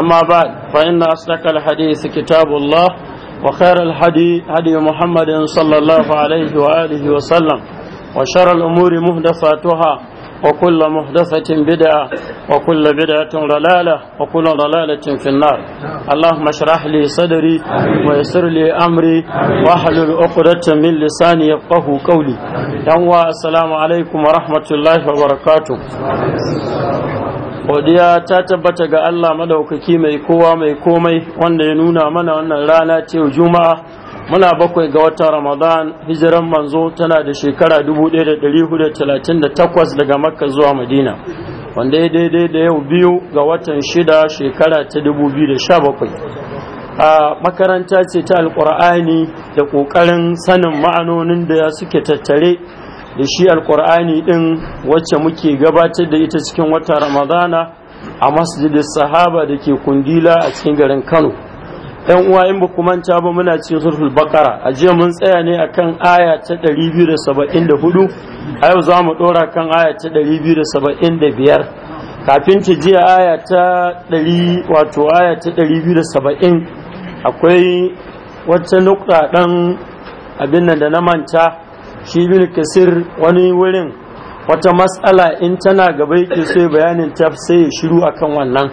أما بعد فإن أصدق الحديث كتاب الله وخير الحديث هدي محمد صلى الله عليه وآله وسلم وشر الأمور مهدفاتها وكل مهدفة بدعة وكل بدعة ضلالة وكل ضلالة في النار اللهم اشرح لي صدري ويسر لي أمري واحلل عقدة من لساني يفقه قولي يوم السلام عليكم ورحمة الله وبركاته godiya ta tabbata ga Allah madaukaki mai kowa mai komai wanda ya nuna mana wannan rana ta juma'a muna bakwai ga watan ramadan hijiran manzo tana da shekara 1438 daga makka zuwa madina wanda ya daidai da yau biyu ga watan shida shekara ta 2017 a makaranta ce ta alkur'ani da ƙoƙarin sanin ma'anonin da suke tattare da shi alkur'ani din wacce muke gabatar da ita cikin wata ramadana a masjidin sahaba da ke kundila a cikin garin kano yan uwa in ba manta ba muna cikin surful bakara a jiya mun tsaya ne a kan aya ta 274 a yau za mu dora kan aya ta 275 kafin ta jiya aya ta 100 wato aya ta 270 akwai wata nukta dan abin nan da na manta shi bil kasir wani wurin wata matsala in tana gaba yake so bayanin ta sai ya shiru akan wannan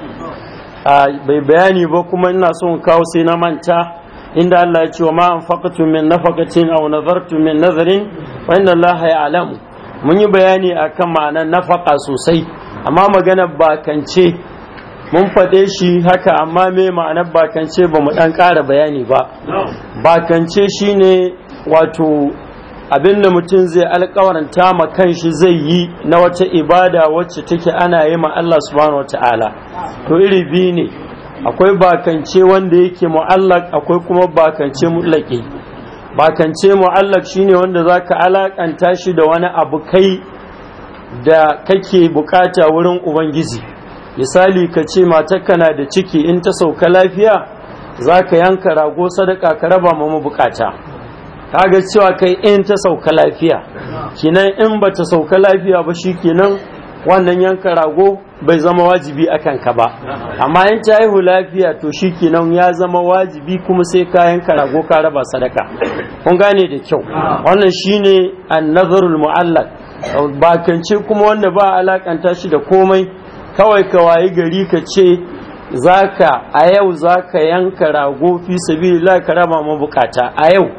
bai bayani ba kuma ina son kawo sai na manta inda Allah ya ce wa ma anfaqtum min nafaqatin aw nazartu min nazarin wa inna Allah ya'lamu mun yi bayani akan ma'anar nafaka sosai amma magana bakance mun faɗe shi haka amma me ma'anar bakance ba mu ɗan ƙara bayani ba bakance shine wato abinda mutum zai alkawaranta ma kanshi zai yi na wata ibada wacce take ana yi ma Allah subhanahu wata'ala to iri biyu ne akwai bakance wanda yake mu'allak akwai kuma bakance mutlaki bakance mu'allak shine wanda zaka alakanta shi da wani abu kai da kake bukata wurin ubangiji misali ka ce matarka na da ciki in ta sauka lafiya zaka yanka rago sadaka ka raba ma bukata Ka ga cewa kai in ta sauka lafiya kinan in ba ta sauka lafiya ba shi kinan wannan yanka rago bai zama wajibi a kanka ba amma in ta haihu lafiya to shi kinan ya zama wajibi kuma sai ka yanka rago ka raba sadaka kun gane da kyau wannan shine annazarul mu'allaq bakance kuma wanda ba alakanta shi da komai kawai ka wayi gari ka ce zaka a yau zaka yanka rago fi sabilillah ka raba mabukata a yau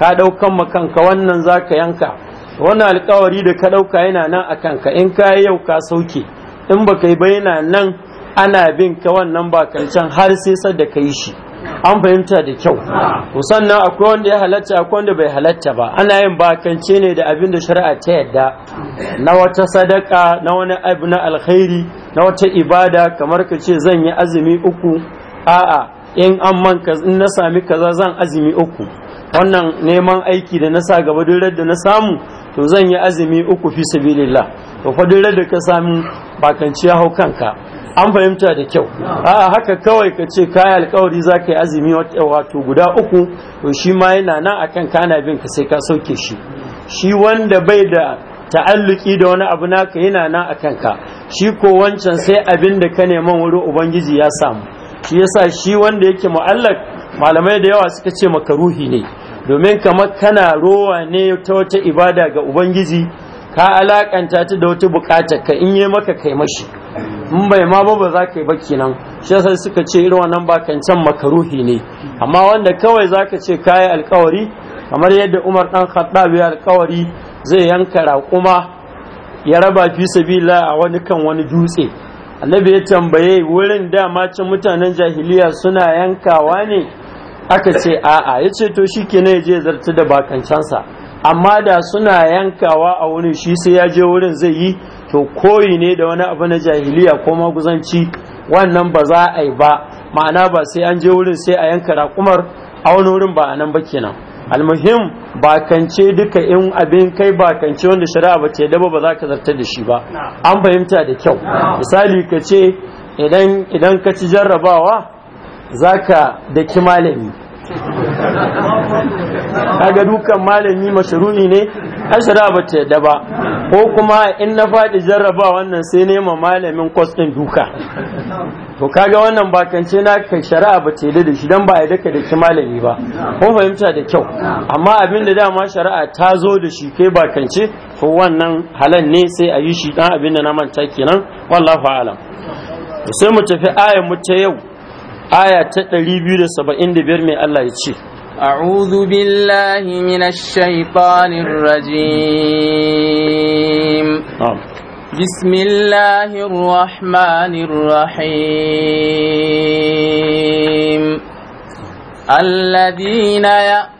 ka ɗaukan makanka wannan za ka yanka wannan alkawari da ka ɗauka yana nan a kanka in ka yau ka sauke in ba kai ba yana nan ana bin ka wannan ba kancan har sai sadda ka yi shi an fahimta da kyau to sannan akwai wanda ya halatta akwai wanda bai halatta ba ana yin bakance ne da abin da shari'a ta yadda na wata sadaka na wani abu na alkhairi na wata ibada kamar ka ce zan yi azumi uku a'a in an man in na sami kaza zan azumi uku wannan neman aiki da na sa gaba duk da na samu to zan yi azumi uku fi sabilillah to fa duk da ka samu bakanci ya hau kanka an fahimta da kyau a'a haka kawai ka ce kai alkawari za yi azumi wato guda uku to shi ma yana nan akan kana bin ka sai ka sauke shi shi wanda bai da ta'alluki da wani abu naka yana nan akan ka shi ko wancan sai abin da ka neman wurin ubangiji ya samu shi yasa shi wanda yake mu'allak malamai da yawa suka ce makaruhi ne domin kamar kana rowa ne ta wata ibada ga ubangiji ka alakanta ta da wata bukata ka in yi maka kai mashi in bai ma ba za ka yi ba kenan shi yasa suka ce irin wannan bakancan makaruhi ne amma wanda kawai za ka ce kayi alkawari kamar yadda umar ɗan khattab ya alkawari zai yanka raƙuma ya raba fi sabila a wani kan wani dutse annabi ya tambaye wurin dama can mutanen jahiliya suna yankawa ne aka ce a'a ya ce to shi kenan ya je zarta da bakancansa amma da suna yankawa a wurin shi sai ya je wurin zai yi to koyi ne da wani abu na jahiliya ko maguzanci wannan ba za a yi ba ma'ana ba sai an je wurin sai a yanka rakumar a wani wurin ba a nan ba kenan almuhim bakance duka in abin kai bakance wanda shari'a ba ce daba ba za ka zartar da shi ba an fahimta da kyau misali ka ce idan ka ci jarrabawa zaka daki malami kaga dukan malami mashruhi ne ashara ba ta yadda ba ko kuma in na faɗi jarraba wannan sai neman malamin kwas ɗin duka to kaga wannan bakance na ka shari'a ba ta yadda da shi don ba a daka da ki malami ba ko fahimta da kyau amma abin da dama shari'a ta zo da shi kai bakance to wannan halan ne sai a yi shi dan abin da na manta kenan wallahu alam sai mu tafi ayan mu ta yau aya ta 275 mai Allah ya ce أعوذ بالله من الشيطان الرجيم بسم الله الرحمن الرحيم الذين يأ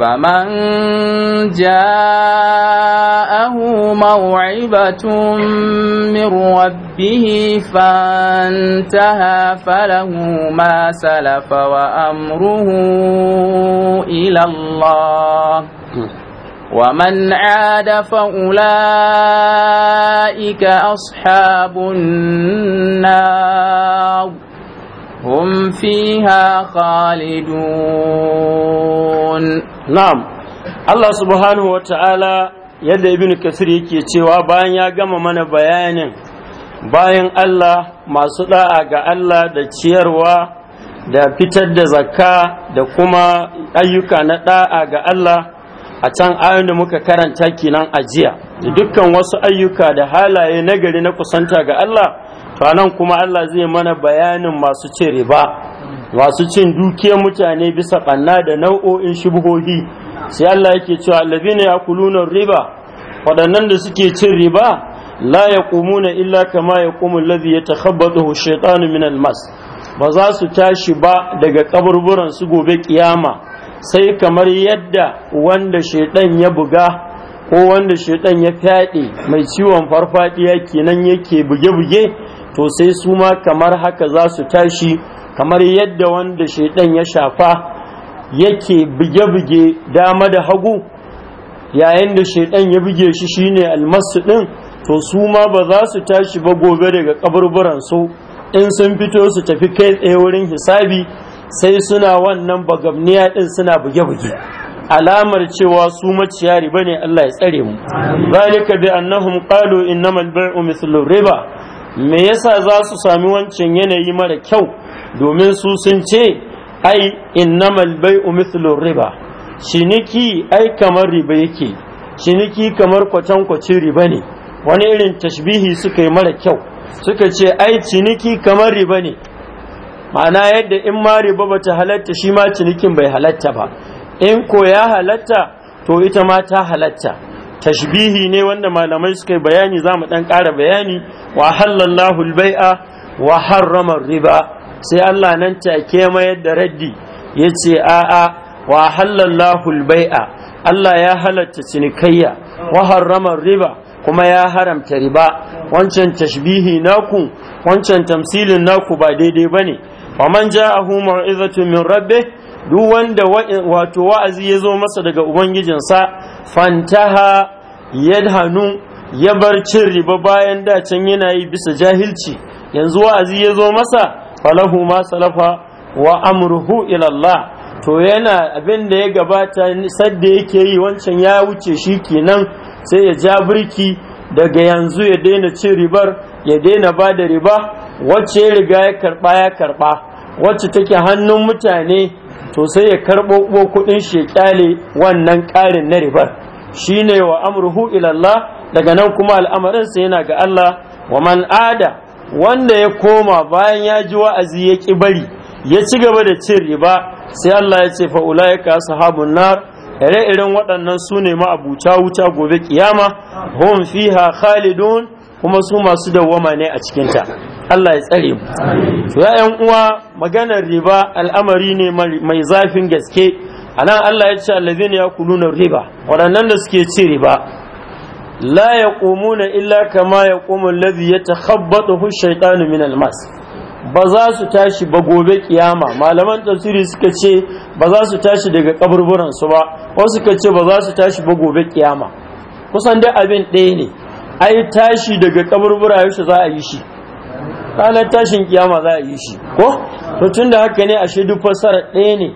فمن جاءه موعظة من ربه فانتهى فله ما سلف وأمره إلى الله ومن عاد فأولئك أصحاب النار هم فيها خالدون نعم الله سبحانه وتعالى yadda ibn kasir yake cewa bayan ya gama mana bayanin bayan Allah masu ɗa'a ga Allah da ciyarwa da fitar da zakka da kuma ayyuka na ɗa'a ga Allah a can ayon da muka karanta kinan ajiya da dukkan wasu ayyuka da halaye nagari na kusanta ga Allah nan kuma Allah zai mana bayanin masu ce riba masu cin dukiya mutane bisa kanna da nau'o'in shubhohi sai Allah yake cewa allazina yakuluna riba waɗannan da suke cin riba la yaqumuna illa kama yaqumu allazi yatakhabbathu shaytanu min almas ba za su tashi ba daga kaburburan su gobe kiyama sai kamar yadda wanda shaiɗan ya buga ko wanda shaiɗan ya fyaɗe mai ciwon farfadiya kenan yake buge-buge to sai su ma kamar haka za su tashi kamar yadda wanda shaidan ya shafa yake buge-buge dama da hagu yayin da shaidan ya buge shi shine almasu din to su ma ba za su tashi ba gobe daga kaburburan su in sun fito su tafi kai tsaye wurin hisabi sai suna wannan bagamniya din suna buge-buge alamar cewa su maciyari ba ne Allah ya tsare mu zalika bi annahum qalu innamal bai'u mithlu riba me yasa za su sami wancan yanayi mara kyau domin su sun ce ai innamal bai'u mithlu riba ciniki ai kamar riba yake ciniki kamar kwacen kwacin riba ne wani irin tashbihi suka yi mara kyau suka ce ai ciniki kamar riba ne ma'ana yadda in ma riba bata halatta shi ma cinikin bai halatta ba in ko ya halatta to ita ma ta halatta tashbihi ne wanda malamai suka yi bayani za mu ɗan ƙara bayani wa halallahu albai'a wa riba sai Allah nan take mayar da raddi ya ce a'a wa halallahu Allah ya halatta cinikayya wa harrama riba kuma ya haramta riba wancan tashbihi naku wancan tamsilin naku ba daidai bane wa man ja'ahu mau'izatun min rabbih duk wanda eh, wato wa'azi ya zo masa daga ubangijinsa fantaha yadhanu ya bar cin riba bayan da can yana yi bisa jahilci yanzu wa'azi ya zo masa falahu ma salafa wa amruhu ilallah to yana abin da ya gabata sadda yake yi wancan ya wuce shi kenan sai ya ja birki daga yanzu ya daina cin ribar ya daina ba da riba wacce ya riga ya karba ya karba wacce take hannun mutane to sai ya karɓo ko kuɗin shi ya kyale wannan ƙarin na ribar shine wa amruhu ilallah daga nan kuma al'amarinsa yana ga Allah wa man ada wanda ya koma bayan ya ji wa'azi ya ƙi bari ya ci gaba da cin riba sai Allah ya ce ulaika sahabun nar ire irin waɗannan su ne ma'abuta wuta gobe kiyama hum fiha khalidun kuma su masu dawwama ne a cikinta Allah ya tsare mu yayan uwa maganar riba al'amari ne mai zafin gaske anan Allah ya ce allazina yakuluna riba waɗannan da suke ci riba ya يقومون illa kama يقوم الذي يتخبطه الشيطان min almas, ba za su tashi ba gobe kiyama malaman tafsiri suka ce ba za su tashi daga kaburburan su ba wasu suka ce ba za su tashi ba gobe kiyama kusan dai abin ɗaya ne ai tashi daga kaburbura yaushe za a yi shi ranar tashin kiyama za a yi shi ko to tun da haka ne ashe duk fasara ɗaya ne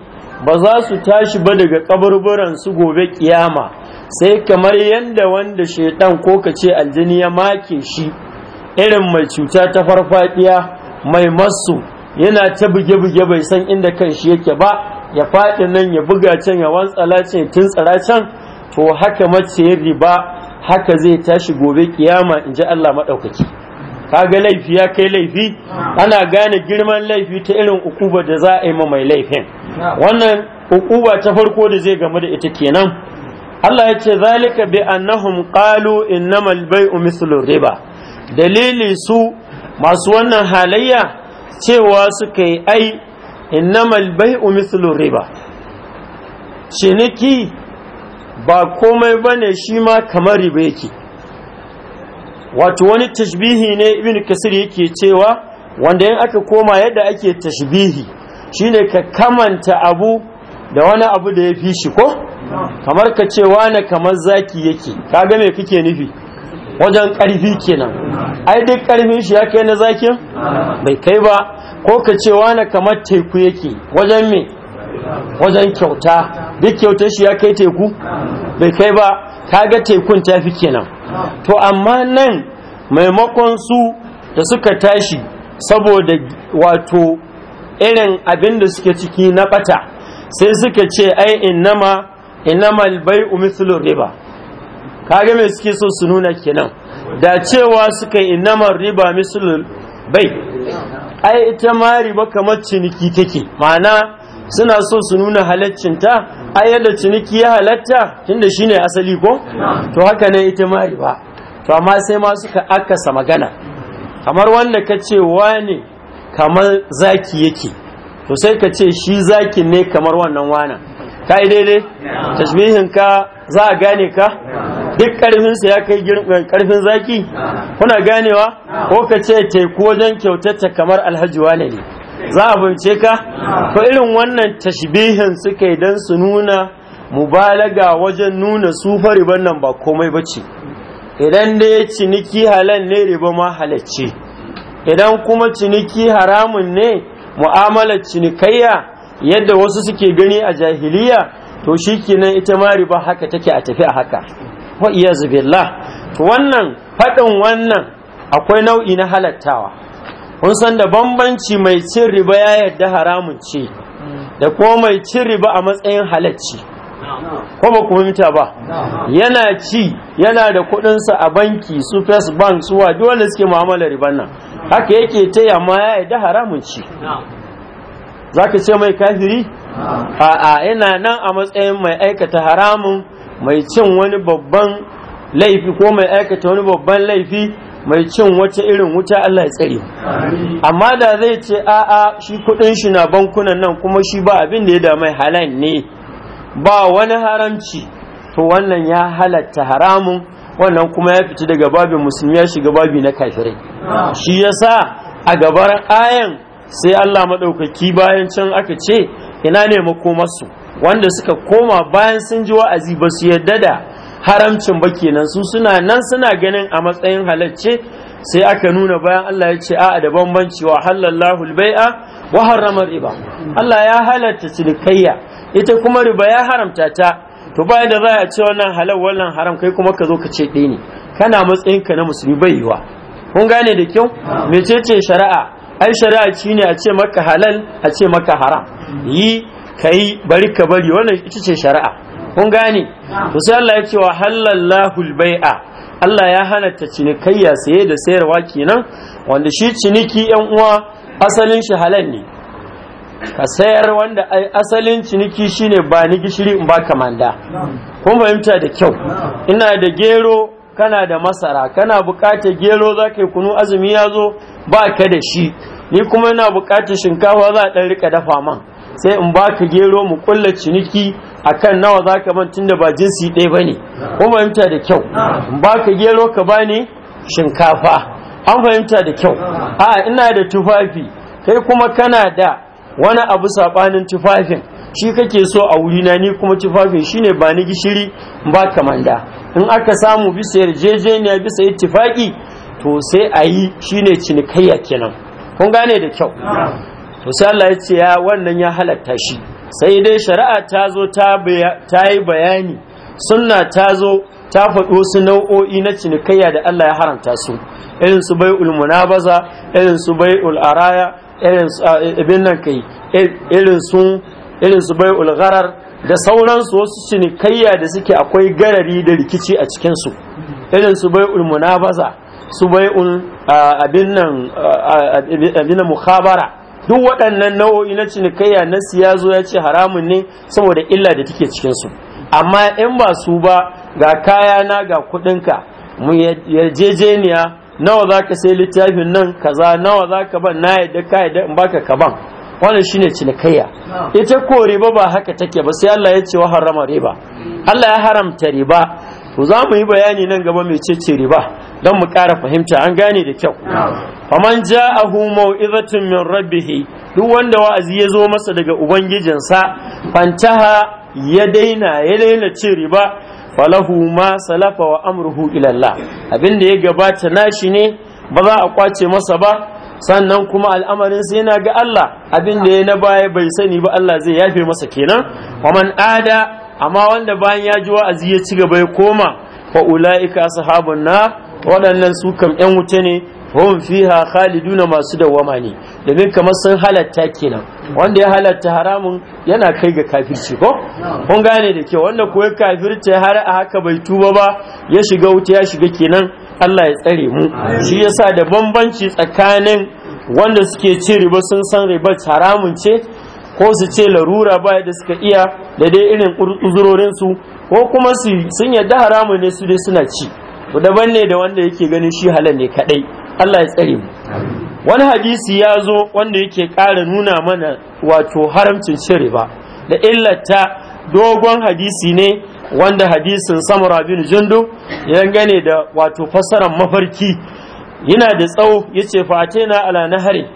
ba za su tashi ba daga kaburburan su gobe kiyama sai kamar yadda wanda shaitan ko ka ce aljini ya make shi irin mai cuta ta farfadiya mai masu yana ta buge-buge bai san inda kan shi yake ba ya faɗi nan ya buga can ya wantsala can ya tuntsara can to haka mace riba haka zai tashi gobe kiyama in ji Allah maɗaukaki kaga laifi ya kai laifi ana gane girman laifi ta irin ukuba da za a yi ma mai laifin wannan ukuba ta farko da zai gamu da ita kenan Allah ya ce zalika bi annahum qalu innamal bayu mislu riba dalili su masu wannan halayya cewa suka yi ai innamal mabai mislu riba ciniki ba komai bane shi ma kamar riba yake wato wani tashbihi ne ibn kasir yake cewa wanda yin aka koma yadda ake tashbihi shine ka kamanta abu da wani abu da ya fi shi ko kamar ka ce wane kamar zaki yake kaga me kake nufi wajen karfi kenan ai duk karfin shi ya kai na zakin bai kai ba ko ka ce wane kamar teku yake wajen me wajen kyauta duk kyautar shi ya kai teku bai kai ba kaga tekun tafi kenan to amma nan maimakon su da suka tashi saboda wato irin abin da suke ciki na bata sai suka ce ai innama innama albai mithlu riba kage me suke so su nuna kenan da cewa suka yi innama riba mithlu bai ai ita ma riba kamar ciniki take ma'ana suna so su nuna halaccinta ai yadda ciniki ya halatta tunda shine asali ko to haka ne ita ma riba to amma sai ma suka akasa magana kamar wanda ka ce kamar zaki yake to sai ka ce shi zakin ne kamar wannan wana ka yi daidai tashbihin ka za a gane ka duk karfinsa ya kai karfin eh, zaki kuna ganewa ko ka ce ko wajen kyautata kamar alhaji wane ne za a bince ka Ko irin wannan tashbihin suka yi don su nuna mubalaga wajen nuna su fa nan ba komai ba ce idan dai ciniki halal ne riba ma halacce idan kuma ciniki haramun ne mu'amalar cinikayya yadda wasu suke gani a jahiliya to shi kenan ita ma riba haka take a tafi a haka wa iya zubillah to wannan faɗin wannan akwai nau'i na halattawa kun san da bambanci mai cin riba ya yarda haramun ce da ko mai cin riba a matsayin halacci ko ba ku fahimta ba yana ci yana da kuɗinsa a banki su first bank su wa dole suke mu'amalar riban nan haka yake ta amma ya yarda haramun ce za ka ce mai kafiri a'a ina nan a matsayin mai aikata haramun mai cin wani babban laifi ko mai aikata wani babban laifi mai cin wata irin wuta Allah ya tsare amma da zai ce a'a shi kudin shi na bankunan nan kuma shi ba abin da ya da mai halal ne ba wani haramci to wannan ya halatta haramun wannan kuma ya fita daga babin musulmi ya shiga babi na kafirai shi yasa a gabar ayan sai Allah madaukaki bayan can aka ce ina ne makomarsu wanda suka koma bayan sun ji wa'azi ba su yarda da haramcin ba kenan su suna nan suna ganin a matsayin halacce sai aka nuna bayan Allah ya ce a'a da bambanci wa halallahu albai'a wa harrama riba Allah ya halatta cinikayya ita kuma riba ya haramta ta to bayan da za a ce wannan halal wannan haram kai kuma ka zo ka ce ɗaya ne kana matsayin ka na musulmi bai yiwa kun gane da kyau mecece shari'a ai shari'a shine a ce maka halal a ce maka haram yi kai bari ka bari wannan ita ce shari'a kun gani to sai Allah ya ce wa halallahu bai'a Allah ya hana ta cinikayya saye da sayarwa kenan wanda shi ciniki yan uwa asalin shi halal ne ka sayar wanda asalin ciniki shine ba ni gishiri in baka manda kun fahimta da kyau ina da gero kana da masara kana bukatar gero za ka yi kunu azumi ya zo ba ka da shi ni kuma ina bukatar shinkafa za a ɗan rika dafa man sai in baka gero mu kulla ciniki akan nawa za ka man da ba jinsi ɗaya ba ne ko fahimta da kyau ba ka gero ka ba ne shinkafa an fahimta da kyau a ina da tufafi kai kuma kana da wani abu saɓanin tufafin shi kake so a wurina ni kuma tufafin shi ne ba ni gishiri ba manda in aka samu bisa yarjejeniya bisa ittifaki to sai a yi shi ne cinikayya kenan kun gane da kyau to sai Allah ya ce ya wannan ya halatta shi sai dai shari'a ta zo ta yi bayani sunna ta zo ta faɗo su nau'o'i na cinikayya da Allah ya haramta su irin su bai'ul munabaza irin su bai araya irin su ibn nan kai irin su irin su bai gharar da sauransu wasu cinikayya da suke akwai garari da rikici a cikin su irin su bai'ul munabaza su bai'ul abin nan abin mukhabara duk waɗannan nau'o'i na cinikayya na siya zo ya ce haramun ne saboda illa da take cikin su amma in ba su ba ga kaya na ga kuɗinka mu yarjejeniya nawa zaka ka sai littafin nan kaza nawa zaka ban na yadda ka yadda in baka ka ban wannan shine cinikayya ita ko riba ba haka take ba sai Allah ya ce wa harama riba Allah ya haramta riba to za mu yi bayani nan gaba mai ce riba don mu ƙara fahimta an gane da kyau faman ja'ahu mau'izatun min rabbihi duk wanda wa'azi ya zo masa daga ubangijinsa fantaha ya daina ya daina ci riba falahu ma salafa wa amruhu ilalla. Abin da ya gabata na shi ne ba za a kwace masa ba sannan kuma al'amarin sai yana ga Allah Abin da ya na baya bai sani ba Allah zai yafe masa kenan faman ada amma wanda bayan ya ji wa'azi ya ci gaba ya koma fa ula'ika ashabun nar waɗannan su kam yan wuta ne fi ha khalidu na masu dawama ne domin kamar sun halatta kenan wanda ya halatta haramun yana kai ga kafirci ko kun gane da kyau wanda kuwa kafirce har a haka bai tuba ba ya shiga wuta ya shiga kenan Allah ya tsare mu shi yasa da bambanci tsakanin wanda suke ce riba sun san riba haramun ce ko su ce larura ba da suka iya da dai irin uzurorinsu ko kuma sun yadda haramun ne su dai suna ci to daban ne da wanda yake ganin shi halal ne kadai Allah ya tsare mu wani hadisi ya zo wanda yake ƙara nuna mana wato haramcin cin ba da illata dogon hadisi ne wanda hadisin samura bin jundu ya gane da wato fasaran mafarki yana da tsawo ya ce na ala hari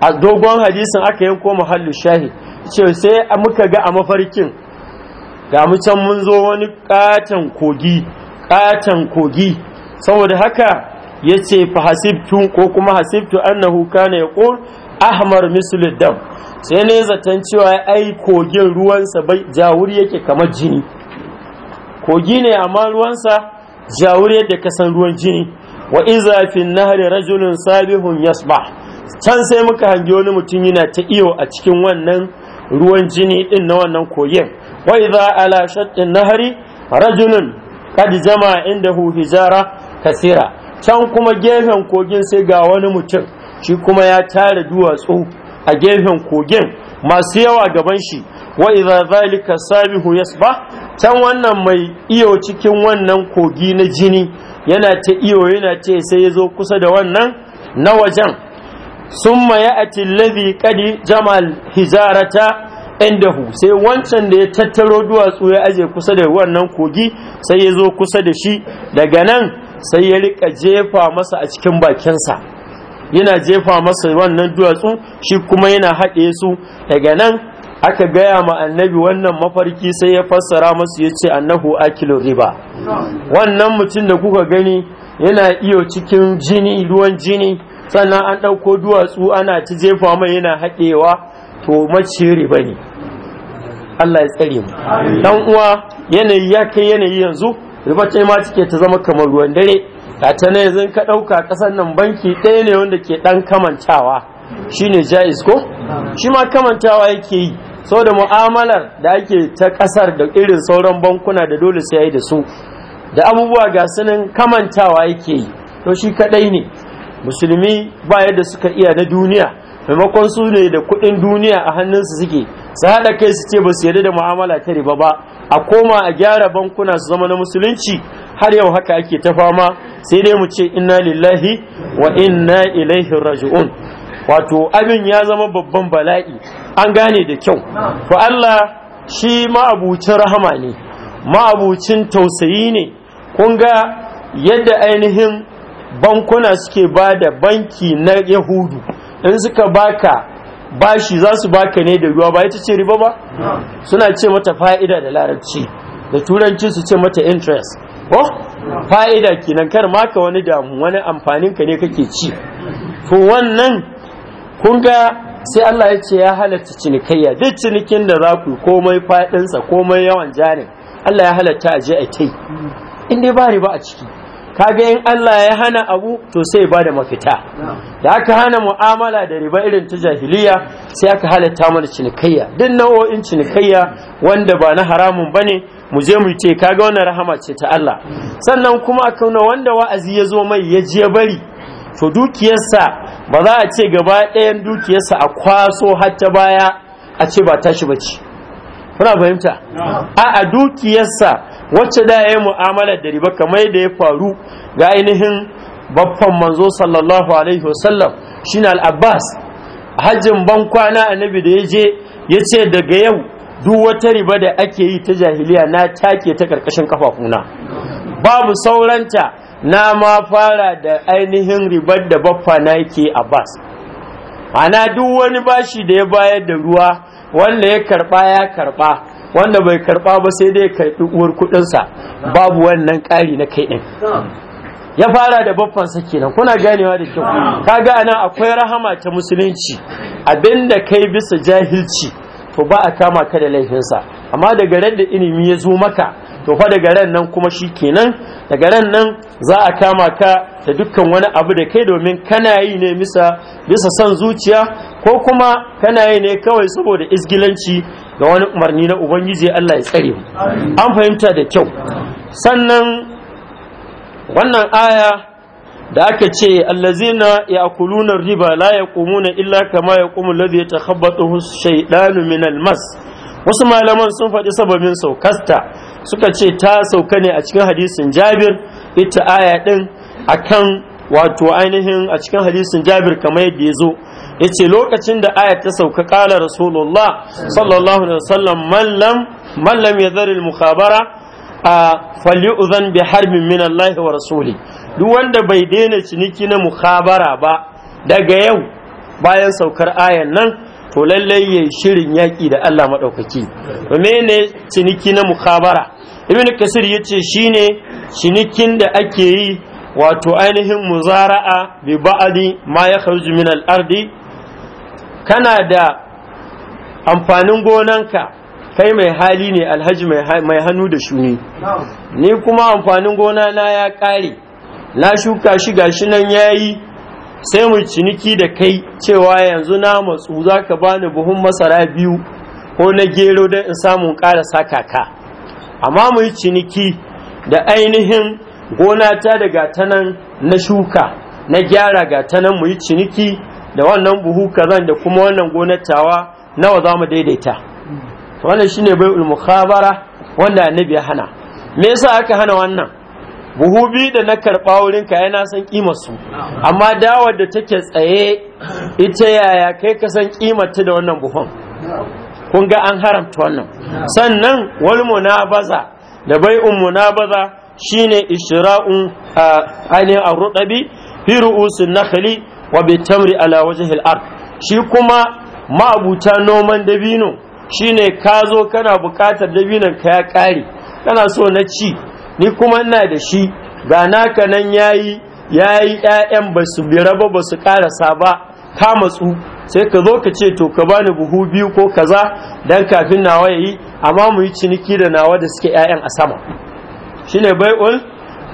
a dogon hadisin aka yanko muhallin shahi ce sai muka ga a mafarkin ga mu can mun zo wani katon kogi ƙaton kogi saboda haka ya ce fa hasibtu ko kuma hasibtu annahu kana yaqul ahmar mislu dam sai ne zaton cewa ai kogin ruwansa bai jawuri yake kamar jini kogi ne amma ruwansa jawuri yadda kasan ruwan jini wa iza fi nahri rajulun sabihun yasbah can sai muka hangi wani mutum yana ta iyo a cikin wannan ruwan jini din na wannan kogin wa iza ala shaddin nahri rajulun kad jama indahu hijara kasira can kuma gefen kogin sai ga wani mutum shi kuma ya tare duwatsu a gefen kogin masu yawa gaban shi wa idza zalika sabihu yasba can wannan mai iyo cikin wannan kogi na jini yana ta iyo yana ce sai ya zo kusa da wannan na wajen summa ya'ati alladhi qad jamal hijarata indahu sai wancan da ya tattaro duwatsu ya aje kusa da wannan kogi sai ya zo kusa da shi daga nan sai ya rika jefa masa a cikin bakinsa yana jefa masa wannan duwatsu shi kuma yana haɗe su daga nan aka gaya ma annabi wannan mafarki sai ya fassara masu ya ce annahu akilu riba wannan mutum da kuka gani yana iyo cikin jini ruwan jini sannan an ɗauko duwatsu ana ci jefa mai yana haɗewa to mace riba ne Allah ya tsare mu dan uwa yanayi ya kai yanayi yanzu ribace ma take ta zama kamar ruwan dare ga ta ne yanzu ka dauka kasan nan banki ɗaya ne wanda ke dan kamantawa shine jaiz ko shi ma kamantawa yake yi da mu'amalar da ake ta kasar da irin sauran bankuna da dole sai yi da su da abubuwa ga sunan kamantawa yake yi to shi kadai ne musulmi ba yadda suka iya na duniya maimakon su ne da kuɗin duniya a hannunsu suke su haɗa kai su ce ba su yarda da mu'amala ta riba ba a koma a gyara bankuna su zama na musulunci har yau haka ake ta fama sai dai mu ce inna lillahi wa inna ilaihi raji'un wato abin ya zama babban bala'i an gane da kyau fa Allah shi ma'abucin rahama ne ma'abucin tausayi ne kun ga yadda ainihin bankuna suke ba da banki na yahudu in suka baka bashi za su baka ne da ruwa ba ita ce riba ba suna ce mata fa'ida da larabci da turanci su ce mata interest oh fa'ida kenan kar maka wani damu wani amfanin ka ne kake ci to wannan kun ga sai Allah ya ce ya halatta cinikayya duk cinikin da za ku komai faɗinsa komai yawan jarin Allah ya halatta a je a kai in dai ba riba a ciki kaga in Allah ya hana abu to sai ba da mafita da aka hana mu'amala da riba irin ta jahiliya sai aka halatta mana cinikayya duk nau'o'in cinikayya wanda ba na haramun bane mu je mu ce kaga wannan rahama ce ta Allah sannan kuma aka wanda wa'azi ya zo mai ya je bari to dukiyarsa ba za a ce gaba ɗayan dukiyarsa a kwaso har ta baya a ce ba tashi bace kuna fahimta a a dukiyarsa wacce da ya yi mu'amalar da riba kamar da ya faru ga ainihin babban manzo sallallahu alaihi wasallam shine al-abbas hajjin ban kwana annabi da ya je ya ce daga yau duk wata riba da ake yi ta jahiliya na take ta karkashin kafafuna babu sauranta na ma fara da ainihin ribar da baffa na yake abbas ana duk wani bashi da ya bayar da ruwa wanda ya karba ya karba wanda bai karba ba sai dai karbi uwar kudinsa babu wannan ƙari na kai din ya fara da baffansa kenan kuna ganewa da kyau kaga anan akwai rahama ta musulunci abinda kai bisa jahilci to ba a kama ka da laifinsa amma daga ran da ilimi ya zo maka to fa daga ran nan kuma shi kenan daga ran nan za a kama ka da dukkan wani abu da kai domin kana yi ne bisa bisa son zuciya ko kuma kana yi ne kawai saboda isgilanci ga wani umarni na ubangiji Allah ya tsare mu an fahimta da kyau sannan wannan aya da aka ce allazina ya'kuluna riba la yaqumuna illa kama yaqumu alladhi yatakhabbathu shaytanu min mas wasu malaman sun faɗi sababin saukasta suka ce ta sauka ne a cikin hadisin jabir ita aya ɗin a kan wato ainihin a cikin hadisin jabir kamar yadda ya zo ya ce lokacin da aya ta sauka ƙala rasulullah sallallahu alaihi wasallam mallam ya zari mukhabara a uzan bi harbin min rasuli duk wanda bai daina ciniki na mukhabara ba daga yau bayan saukar ayan nan to lallai ya shirin yaƙi da Allah maɗaukaki ne ciniki na mukabara ibn kasir ya ce shi ne cinikin da ake yi wato ainihin muzara'a bi ba'adi ma ya kharju min al-ardi kana da amfanin gonanka kai mai hali ne alhaji mai hannu da shuni ni kuma amfanin gona na ya ƙare na shuka shi gashi nan yayi sai mu ciniki da kai cewa yanzu na matsu za ka bani buhun masara biyu ko na gero don in samu ƙara saka ka amma mu ciniki da ainihin gona ta da gatanan na shuka na gyara gatanan mu yi ciniki da wannan buhu kazan da kuma wannan gonatawa nawa za mu daidaita wannan shine bai ulmukhabara wanda annabi ya hana me yasa aka hana wannan buhu biyu da na karɓa wurin ka yana san kimar su amma dawar da take tsaye ita yaya kai ka san ƙimarta da wannan buhun kun ga an haramta wannan sannan wal baza da bai'un munabaza shine ishra'un ainihin a rudabi fi ru'usin nakhli wa bi tamri ala wajhi al shi kuma ma'abuta noman dabino shine ka zo kana bukatar dabinon ka ya kare kana so na ci ni kuma ina da shi ga naka nan yayi yayi ƴaƴan ba su bira ba ba su karasa ba ka matsu sai ka zo ka ce to ka bani buhu biyu ko kaza dan kafin nawa yayi amma mu yi ciniki da nawa da suke ƴaƴan a sama shine bai'ul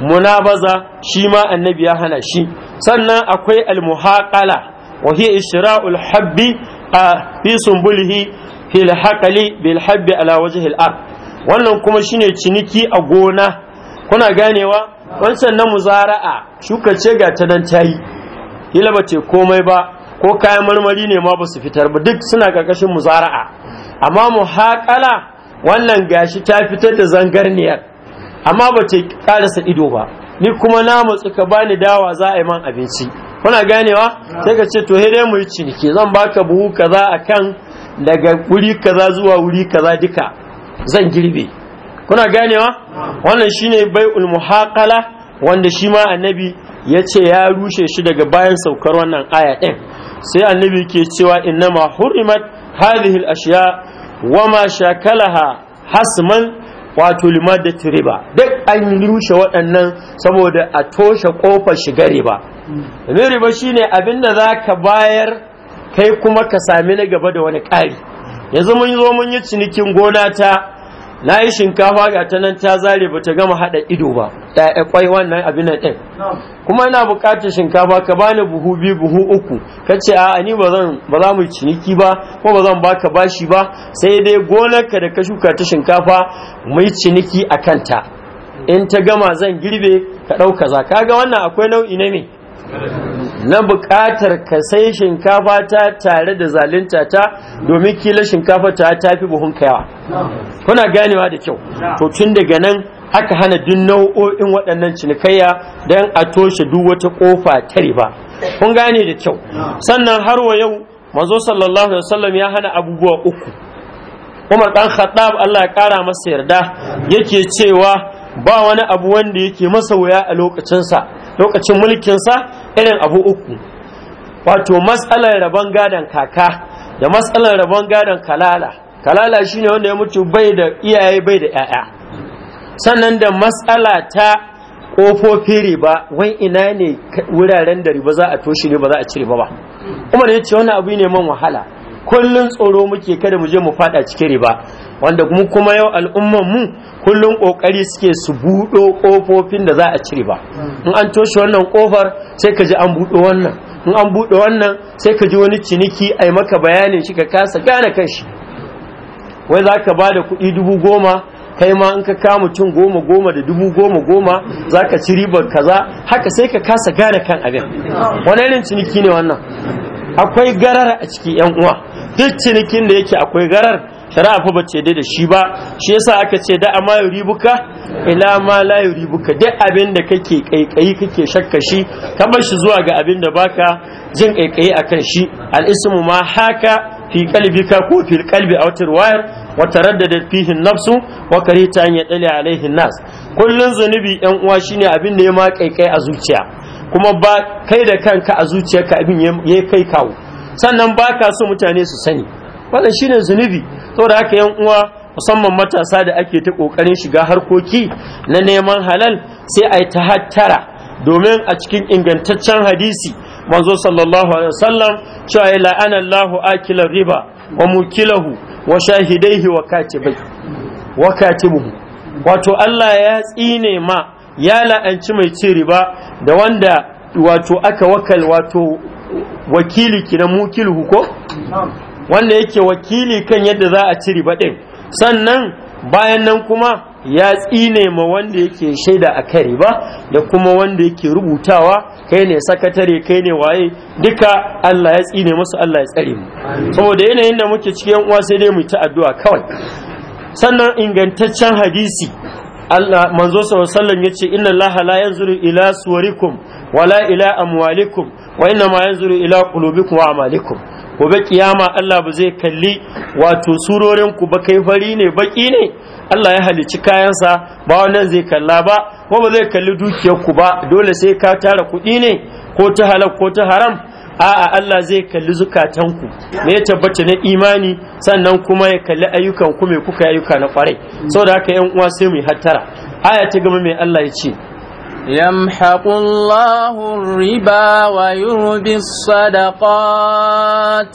munabaza shi ma annabi ya hana shi sannan akwai almuhaqala wa hiya isra'ul habbi fi sumbulihi fil haqali bil habbi ala wajhi al wannan kuma shine ciniki a gona kuna ganewa wancan na muzara'a shuka ce ga ta nan ta yi hila ba ce komai ba ko kayan marmari ne ma ba su fitar ba duk suna ƙarƙashin muzara'a amma mu haƙala wannan gashi ta fitar da zangarniyar amma ba ce ƙarasa ido ba ni kuma na mutsu ka bani dawa za a yi man abinci kuna ganewa sai ka ce to he dai mu yi ciniki zan baka buhu kaza akan daga wuri kaza zuwa wuri kaza duka zan girbe kuna ganewa wannan shine bai'ul muhaqala wanda shi ma annabi ya ce ya rushe shi daga bayan saukar wannan aya ɗin sai annabi ke cewa innama hurimat hadhihi al wa ma shakalaha hasman wato da riba duk an rushe waɗannan saboda a toshe ƙofar shiga riba hmm. ne riba shine abin da za ka bayar kai kuma ka sami na gaba da wani ƙari yanzu mun zo mun yi cinikin gona ta na yi shinkafa ga ta nan ta zare ba ta gama haɗa ido ba ɗaya kwai wannan abin ɗin kuma ina buƙatar shinkafa ka bani buhu biyu buhu uku ka ce a ni ba za mu ciniki ba ko ba zan baka bashi ba sai dai gonar ka da ka shuka ta shinkafa mu yi ciniki a kanta in ta gama zan girbe ka ɗauka za ka ga wannan akwai nau'i ne me na bukatar ka sai shinkafa ta tare da zalunta ta domin kila shinkafa ta tafi buhun kayawa kuna ganewa da kyau to tun daga nan aka hana duk nau'o'in waɗannan cinikayya don a toshe duk wata ƙofa ta riba kun gane da kyau sannan har wa yau manzo sallallahu alaihi wasallam ya hana abubuwa uku Umar dan Khattab Allah ya kara masa yarda yake cewa ba wani abu wanda yake masa waya a lokacinsa lokacin mulkinsa irin abu uku wato matsalar rabon gadon kaka da matsalar rabon gadon kalala kalala shine wanda ya mutu bai da iyaye bai da 'ya'ya sannan da matsala ta kofofi riba wai ina ne wuraren da riba za a toshe ne ba za a ci riba ba umar ya ce wani abu ne man wahala kullun tsoro muke kada mu je mu fada cikin riba wanda mu kuma yau al'umman mu kullun kokari suke su budo kofofin da za a ci riba in an toshe wannan kofar sai ka ji an budo wannan in an budo wannan sai ka ji wani ciniki ai maka bayanin shi ka kasa gane kanshi wai za ka ba da kuɗi dubu goma kai ma in ka kama mutum goma goma da dubu goma goma za ka ci ribar kaza haka sai ka kasa gane kan abin wani irin ciniki ne wannan akwai garara a ciki yan uwa duk cinikin da yake akwai garar shari'a fa bace da shi ba shi yasa aka ce da amma ribuka ila ma la buka duk abin da kake kaikayi kake shakka shi kamar shi zuwa ga abin da baka jin kaikayi akan shi al ismu ma haka fi qalbika ko fi qalbi aw wayar wa taraddadat fihi nafsu wa karita an yadali alaihi nas kullun zunubi yan uwa shine abin da ya ma kaikayi a zuciya kuma ba kai da kanka a zuciyarka abin ya kai kawo sannan ba ka so mutane su sani wannan shine zunubi saboda haka yan uwa musamman matasa da ake ta kokarin shiga harkoki na neman halal sai a yi ta domin a cikin ingantaccen hadisi manzo sallallahu alaihi wasallam cewa ya la'ana Allahu akila riba wa mukilahu wa shahidaihi wa katibai wa katibuhu wato Allah ya tsine ma ya la'anci mai ci riba da wanda wato aka wakal wato wakili kinan mukilu ko wanda yake wakili kan yadda za a ciri riba din sannan bayan nan kuma ya tsine ma wanda yake shaida a kari ba da kuma wanda yake rubutawa kai ne sakatare kai ne waye duka Allah ya tsine musu Allah ya tsare mu saboda yanayin da muke cikin uwa sai dai mu ta addu'a kawai sannan ingantaccen hadisi Allah manzo sallallahu alaihi yace inna Allah la yanzuru ila suwarikum wala ila amwalikum wa inna ma yanzuru ila qulubikum wa amalikum gobe kiyama Allah ba zai kalli wato surorin ku ba kai fari ne baki ne Allah ya halici kayansa ba wannan zai kalla ba ko ba zai kalli dukiyarku ba dole sai ka tara kuɗi ne ko ta halal ko ta haram a'a Allah zai kalli zukatanku me ya tabbata na imani sannan kuma ya kalli ayyukan ku me kuka ayyuka na kwarai saboda haka yan uwa sai mu hattara aya ta gaba mai Allah ya ce يمحق الله الربا ويربي الصدقات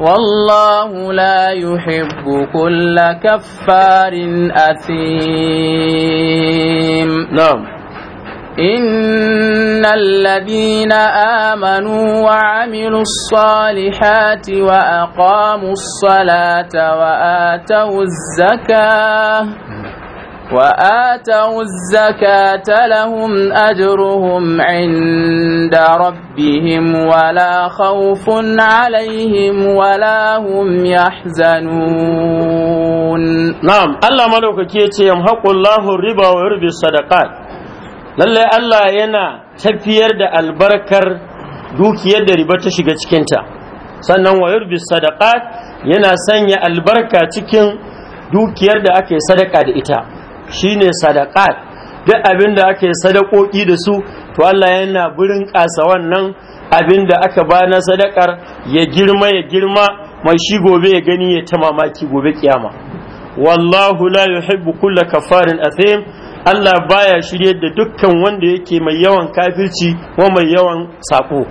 والله لا يحب كل كفار أثيم إن الذين آمنوا وعملوا الصالحات وأقاموا الصلاة وآتوا الزكاة وآتوا الزكاة لهم أجرهم عند ربهم ولا خوف عليهم ولا هم يحزنون نعم الله ملوك كيتي يمحق الله الربا ويربي الصدقات lallai Allah yana tafiyar da albarkar dukiyar da riba ta shiga cikinta sannan wayar bis sadaqat yana sanya albarka cikin dukiyar da ake sadaka da ita shine sadaqat duk abin da ake sadakoki da su to Allah yana burin kasa wannan abin da aka ba na sadakar ya girma ya girma mai shi gobe ya gani ya ta mamaki gobe kiyama wallahu la yuhibbu kulla kafarin athim Allah baya shirye da dukkan wanda yake mai yawan kafirci ko mai yawan sako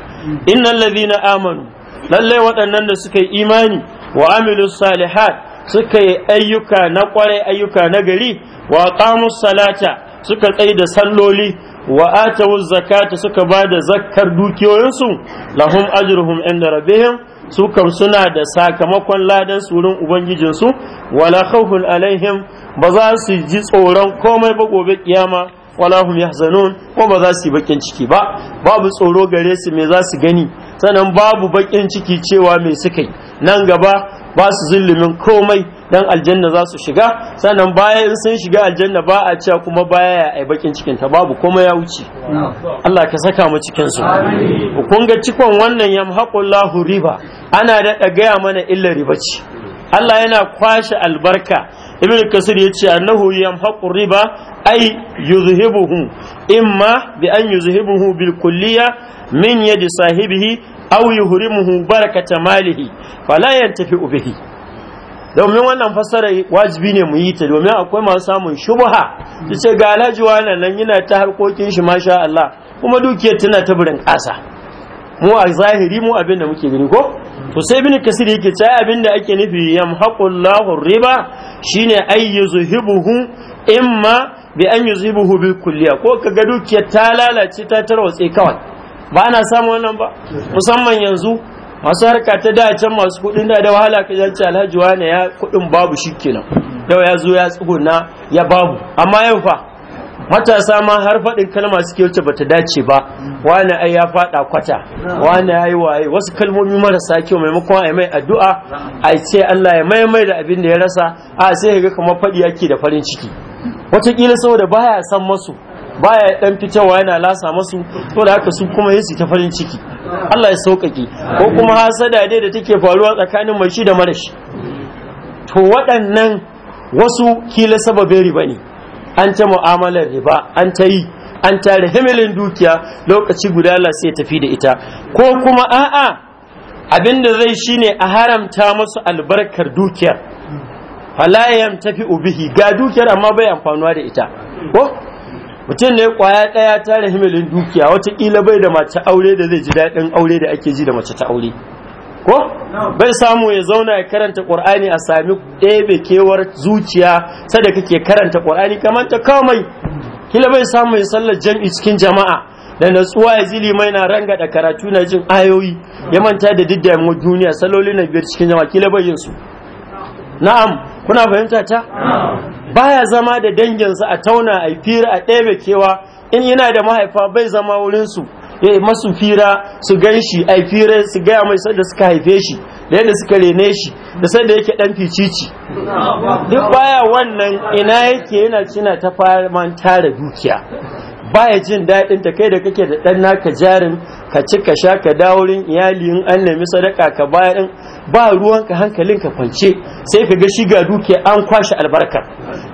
innal ladhina amanu lallai waɗannan da suka yi imani wa amilu salihat suka yi ayyuka na ƙwarai ayyuka na gari wa qamu salata suka tsaye da salloli wa atawu zakata suka ba da zakkar dukiyoyinsu lahum ajruhum inda rabbihim su kam suna da sakamakon ladan surun ubangijinsu wala khawfun alaihim ba za su ji tsoron komai ba gobe kiyama walahum yahzanun ko ba za su yi bakin ciki ba babu tsoro gare su me za su gani sannan babu bakin ciki cewa me suka yi nan gaba ba su zulumin komai dan aljanna za su shiga sannan bayan sun shiga aljanna ba a cewa kuma baya ai bakin cikin ta babu komai ya wuce Allah ka saka mu cikin su kun ga cikon wannan yamhaqullahu riba ana da gaya mana illa riba ce Allah yana kwashe albarka ibn kasir ce, annahu yamhaqu riba ay yuzhibuhu imma bi an yuzhibuhu bil kulliya min yadi sahibihi aw yuhrimuhu barakata malihi fala yantafi bihi domin wannan fassara wajibi ne mu yi ta domin akwai masu samun shubha yace ga alhaji wannan nan yana ta harkokin shi masha Allah kuma dukiyar tana ta burin kasa mu a zahiri mu abin da muke gani ko to sai ibn kasir yake cewa abin da ake nufi yamhaqullahu riba shine ay yuzhibuhu imma bi an yuzhibuhu bil kulliya ko kaga dukiyar ta lalace ta tarwatse kawai ba ana samu wannan ba musamman yanzu masu harka ta da can masu kudin da da wahala ka yanci alhaji wani ya kudin babu shikenan dawa ya zo ya tsuguna ya babu amma yau fa matasa ma har faɗin kalma suke wuce bata dace ba wani ai ya faɗa kwata wani ai waye wasu kalmomi marasa kyau maimakon ai mai addu'a ai ce Allah ya mai mai da abin da ya rasa a sai ga kamar faɗi yake da farin ciki wataƙila saboda baya san masu baya dan fitowa yana lasa masu to da haka su kuma yi su ta farin ciki Allah ya sauƙaƙe ko kuma hasada dai da take faruwa tsakanin mai shi da marashi to waɗannan wasu kila sababin riba ne an ta mu'amalar riba an ta yi an tare himilin dukiya lokaci guda Allah sai tafi da ita ko kuma a'a da zai shine a haramta musu albarkar dukiyar falayam tafi ubihi ga dukiyar amma bai amfanuwa da ita ko mutum ne kwaya daya tare himilin dukiya wata kila bai da mace aure da zai ji daɗin aure da ake ji da mace ta aure ko bai samu ya zauna ya karanta qur'ani a sami ɗebe kewar zuciya sai da kake karanta qur'ani kamar ta kawai kila bai samu ya sallar jam'i cikin jama'a da natsuwa ya zili mai na ranga da karatu na jin ayoyi ya manta da duk damuwar duniya saloli na biyar cikin jama'a kila bai yin su na'am kuna fahimta ta baya zama da danginsa a tauna a fira a ɗebe kewa in yana da mahaifa bai zama wurin su. ya masu fira su gan shi ai fira su gaya mai sanda suka haife shi da yadda suka rene shi da sanda yake dan ficici duk baya wannan ina yake yana cina ta faman tara dukiya baya jin daɗin ta kai da kake da ɗan naka jarin ka ci ka sha ka dawo wurin iyali in an nemi sadaka ka baya bayar ba ruwan ka hankalin ka kwance sai ka ga shiga dukiya an kwashe albarka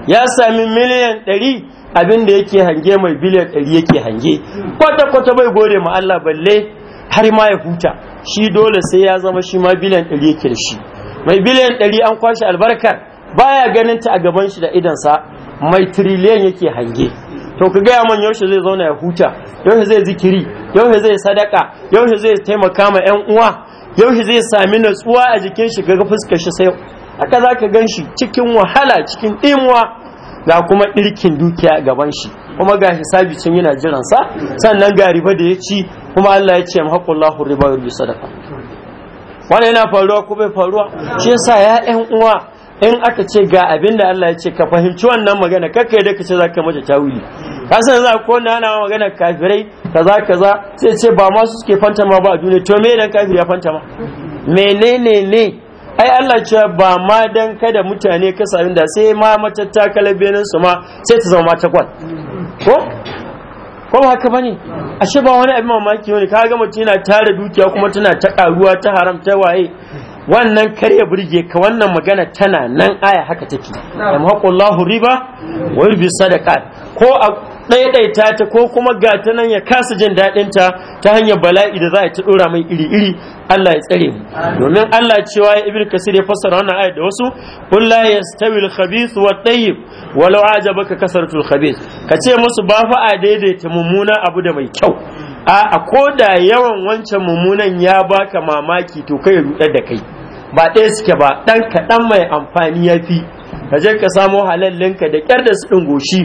ya sami miliyan ɗari abin da yake hange mai biliyan ɗari yake hange kwata-kwata bai gode ma Allah balle har ma ya huta shi dole sai ya zama shi ma biliyan ɗari yake da shi mai biliyan ɗari an kwashe albarkar baya ganin ta a gaban shi da idansa mai tiriliyan yake hange to ka gaya man yaushe zai zauna ya huta yaushe zai zikiri yaushe zai sadaka yaushe zai taimaka ma yan uwa yaushe zai sami natsuwa a jikin shi ga fuskar shi sai haka zaka gan shi cikin wahala cikin ɗimuwa ga kuma ɗirkin dukiya gaban shi kuma ga hisabi can yana jiransa sannan ga riba da ya ci kuma Allah ya ce mu haqqullahu riba wa sadaqa wannan yana faruwa ko bai faruwa shi yasa ya ƴan uwa in aka ce ga abin da Allah ya ce ka fahimci wannan magana kakai da kace zaka mace tawili ka san za ko na ana magana kafirai kaza kaza sai ce ba ma su suke fantama ba a duniya to me idan kafir ya fantama menene ne ai Allah ce ba ma dan kada mutane ka sami da sai ma ta kala su ma sai ta zama mata kwal ko ko ba haka bane ashe ba wani abin mamaki wani ka ga mutum yana tara dukiya kuma tana ta karuwa ta haram ta waye wannan karya burge ka wannan magana tana nan aya haka take yamhaqullahu riba wa yurbi sadaqat ko ɗaiɗaita ta ko kuma gata nan ya kasa jin daɗinta ta hanyar bala'i da za a ci ɗora mai iri-iri Allah ya tsare mu domin Allah cewa ya ibir kasir ya fassara wannan ayat da wasu kullu la yastawi khabith wa tayyib walau ajabaka kasratul khabith ka ce musu ba fa a daidaita mummuna abu da mai kyau a ko da yawan wancan mummunan ya baka mamaki to kai ya rudar da kai ba ɗaya suke ba ɗan kaɗan mai amfani ya fi ka je ka samo halallinka da kyar da su ɗin goshi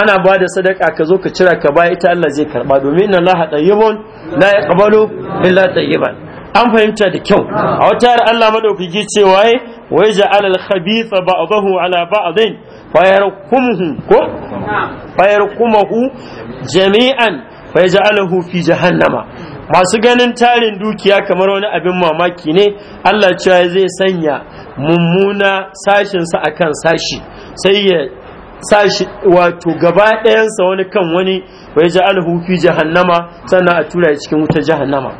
ana ba da sadaka ka zo ka cira ka ba ita Allah zai karɓa. domin na Allah tayyibun la yaqbalu illa tayyiban an fahimta da kyau a wata yar Allah madaukaki cewa ya wai ja'al al khabitha ba'dahu ala ba'din fayarkumuhu ko fayarkumuhu jami'an fayaj'aluhu fi jahannama masu ganin tarin dukiya kamar wani abin mamaki ne Allah cewa zai sanya mummuna sashinsa a kan sashi sai ya sashi wato gaba ɗayansa wani kan wani wai ji alhufi jahannama sannan a tura cikin wuta jahannama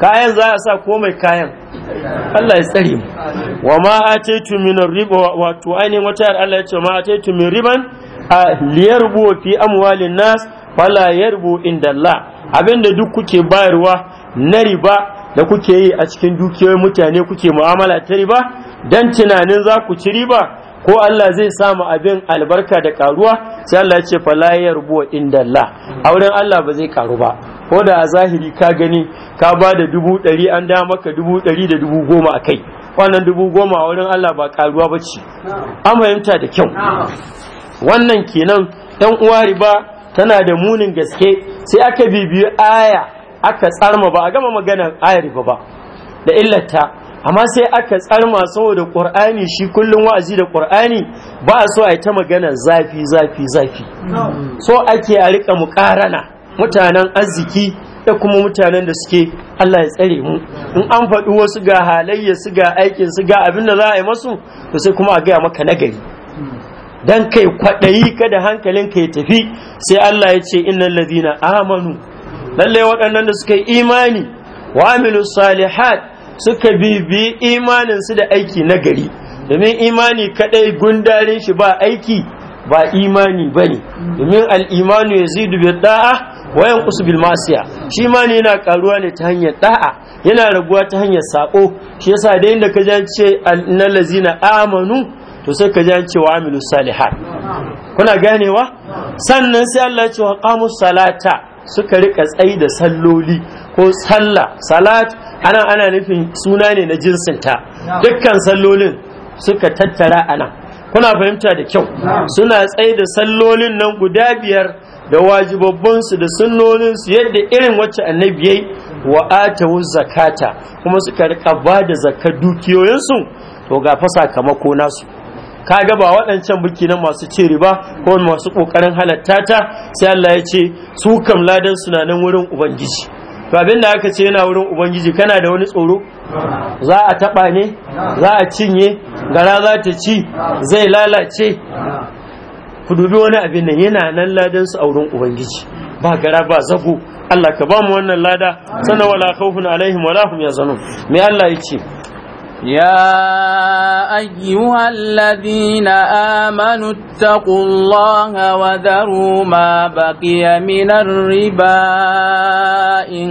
kayan za a sa komai kayan Allah ya tsare mu wa ma ataitu min riba wato ainihin wata Allah ya ce ma ataitu min riban a liyarbu fi amwalin nas wala yarbu inda Allah abin da duk kuke bayarwa na riba da kuke yi a cikin dukiyoyin mutane kuke mu'amala ta riba dan tunanin za ku ci riba ko Allah zai samu abin albarka da karuwa sai Allah ya ce fala yarbu inda Allah a wurin Allah ba zai karu ba ko da a zahiri ka gani ka ba da dubu ɗari an da maka dubu ɗari da dubu goma a kai wannan dubu goma a wurin Allah ba karuwa ba ce an fahimta da kyau wannan kenan dan uwa riba tana da munin gaske sai aka bibiyi aya aka tsarma ba a gama maganar ayar ba da illata amma sai aka tsarma saboda ƙur'ani shi kullum wa'azi da ƙur'ani ba a so a yi ta maganar zafi zafi zafi so ake a riƙa muƙarana mutanen arziki da kuma mutanen da suke Allah ya tsare mu in an faɗi wasu ga halayya su ga aikin su ga abin da za a yi masu to sai kuma a gaya maka nagari dan kai kwaɗayi kada hankalin ka ya tafi sai Allah ya ce innal ladina amanu lalle waɗannan da suka yi imani wa amilu salihat suka bi imanin su da aiki na gari domin imani kadai gundarin shi ba aiki ba imani bane domin al-imanu yazidu bi da'a wayan bil masiya shi imani yana karuwa ne ta hanyar da'a yana raguwa ta hanyar sako shi yasa da inda ka ce al ladina amanu to sai ka ji an ce wa amilu salihat kuna ganewa sannan sai Allah ya ce wa qamu salata suka rika tsayi da salloli ko sallah salat ana ana nufin suna ne na jinsin ta dukkan sallolin suka tattara ana kuna fahimta da kyau suna tsayi da sallolin nan guda biyar da su da su yadda irin wacce annabi yayi wa atawu zakata kuma suka rika ba da dukiyoyin dukiyoyinsu to ga fa sakamako nasu ka ga ba waɗancan buki na masu ce riba ko masu ƙoƙarin halatta ta sai Allah ya ce su kam ladan suna nan wurin ubangiji to abin da aka ce yana wurin ubangiji kana da wani tsoro za a taɓa ne za a cinye gara za ta ci zai lalace ku dubi wani abin nan yana nan ladan su a wurin ubangiji ba gara ba zago Allah ka ba mu wannan lada sannan wala khawfun alaihim wala lahum yazanun me Allah ya يا أيها الذين آمنوا اتقوا الله وذروا ما بقي من الربا إن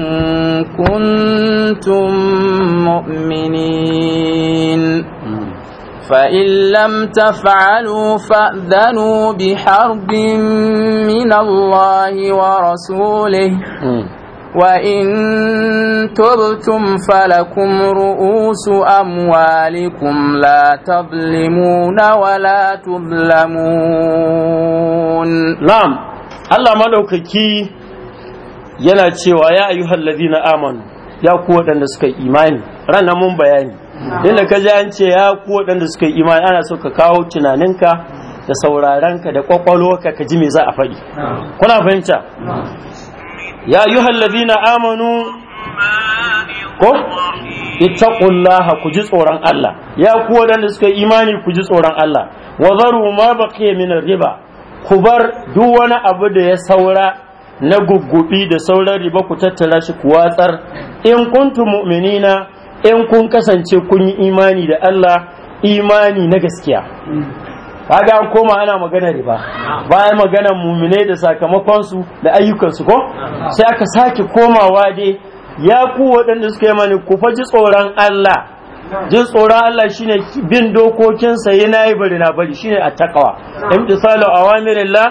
كنتم مؤمنين فإن لم تفعلوا فأذنوا بحرب من الله ورسوله وإن تبتم فلكم رؤوس أموالكم لا تظلمون ولا تظلمون نعم الله ملوككي yana cewa ya ayu hallazi na amanu ya ku waɗanda suka imani ranar mun bayani inda ka ji an ce ya ku waɗanda suka imani ana so ka kawo tunaninka da saurarenka da kwakwalwarka ka ji me za a faɗi kuna fahimta ya ayyuhal ladina amanu ko ittaqullaha ku ji tsoron Allah ya ku waɗanda suka imani ku ji tsoron Allah wa zaru ma baqiya min riba ku bar duk wani abu da ya saura na guggubi da sauran riba ku tattara shi ku watsar in kuntu mu'minina in kun kasance kun yi imani da Allah imani na gaskiya kaga an koma ana magana riba bayan magana muminai da sakamakonsu da ayyukansu ko sai aka sake komawa dai ya ku waɗanda suka yi mani ku faji tsoron Allah jin tsoron Allah shine bin dokokinsa yana yi bari na bari shine a takawa imtisalu awamirillah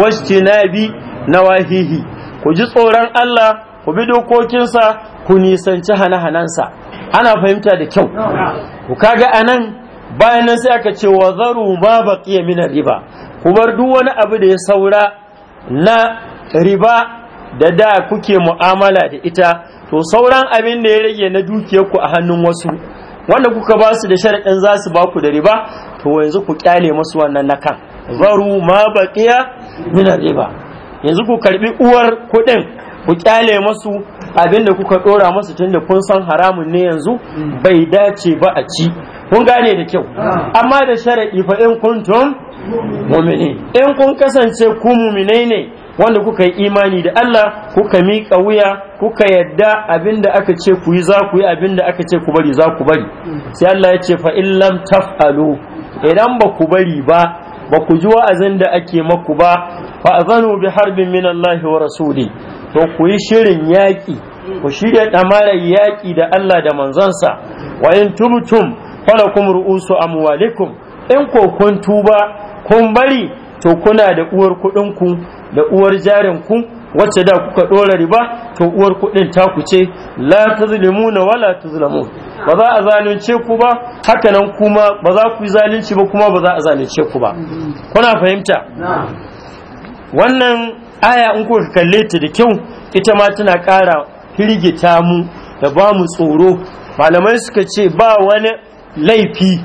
wajtinabi nawahihi ku ji tsoron Allah ku bi dokokinsa ku nisanci hana-hanansa ana fahimta da kyau ku kaga anan bayan nan sai aka ce wa zaru ma baqiya min riba bar duk wani abu da ya saura na riba da da kuke mu'amala da ita to sauran abin da ya rage na ku a hannun wasu wanda kuka ba su da sharaɗin za su ba ku da riba to yanzu ku kyale masu wannan na kan zaru ma baqiya min riba yanzu ku karbi uwar kuɗin ku kyale masu abin da kuka ɗora masu tunda kun san haramun ne yanzu bai dace ba a ci kun gane da kyau amma da sharadi fa in kuntum mu'minin in kun kasance ku mu'minai ne wanda kuka yi imani da Allah kuka miƙa wuya kuka yadda abinda aka ce ku yi za ku yi abinda aka ce ku bari za ku bari sai Allah ya ce fa in lam taf'alu idan ba ku bari ba ba ku ji wa'azin da ake maku ba fa azanu bi harbin min Allah wa rasuli to ku yi shirin yaƙi ku shirya ɗamarar yaƙi da Allah da manzansa wa in tumtum falakum ru'usu amwalikum in ko kun tuba kun bari to kuna da uwar kuɗin ku da uwar jarin ku wacce da kuka ɗora riba to uwar kuɗin ku ce la tazlimuna wala tuzlamun ba za a zalunce ku ba haka nan kuma ba za ku yi zalunci ba kuma ba za a zalunce ku ba kuna fahimta wannan aya in kuka kalle ta da kyau ita ma tana ƙara firgita mu da ba mu tsoro malamai suka ce ba wani laifi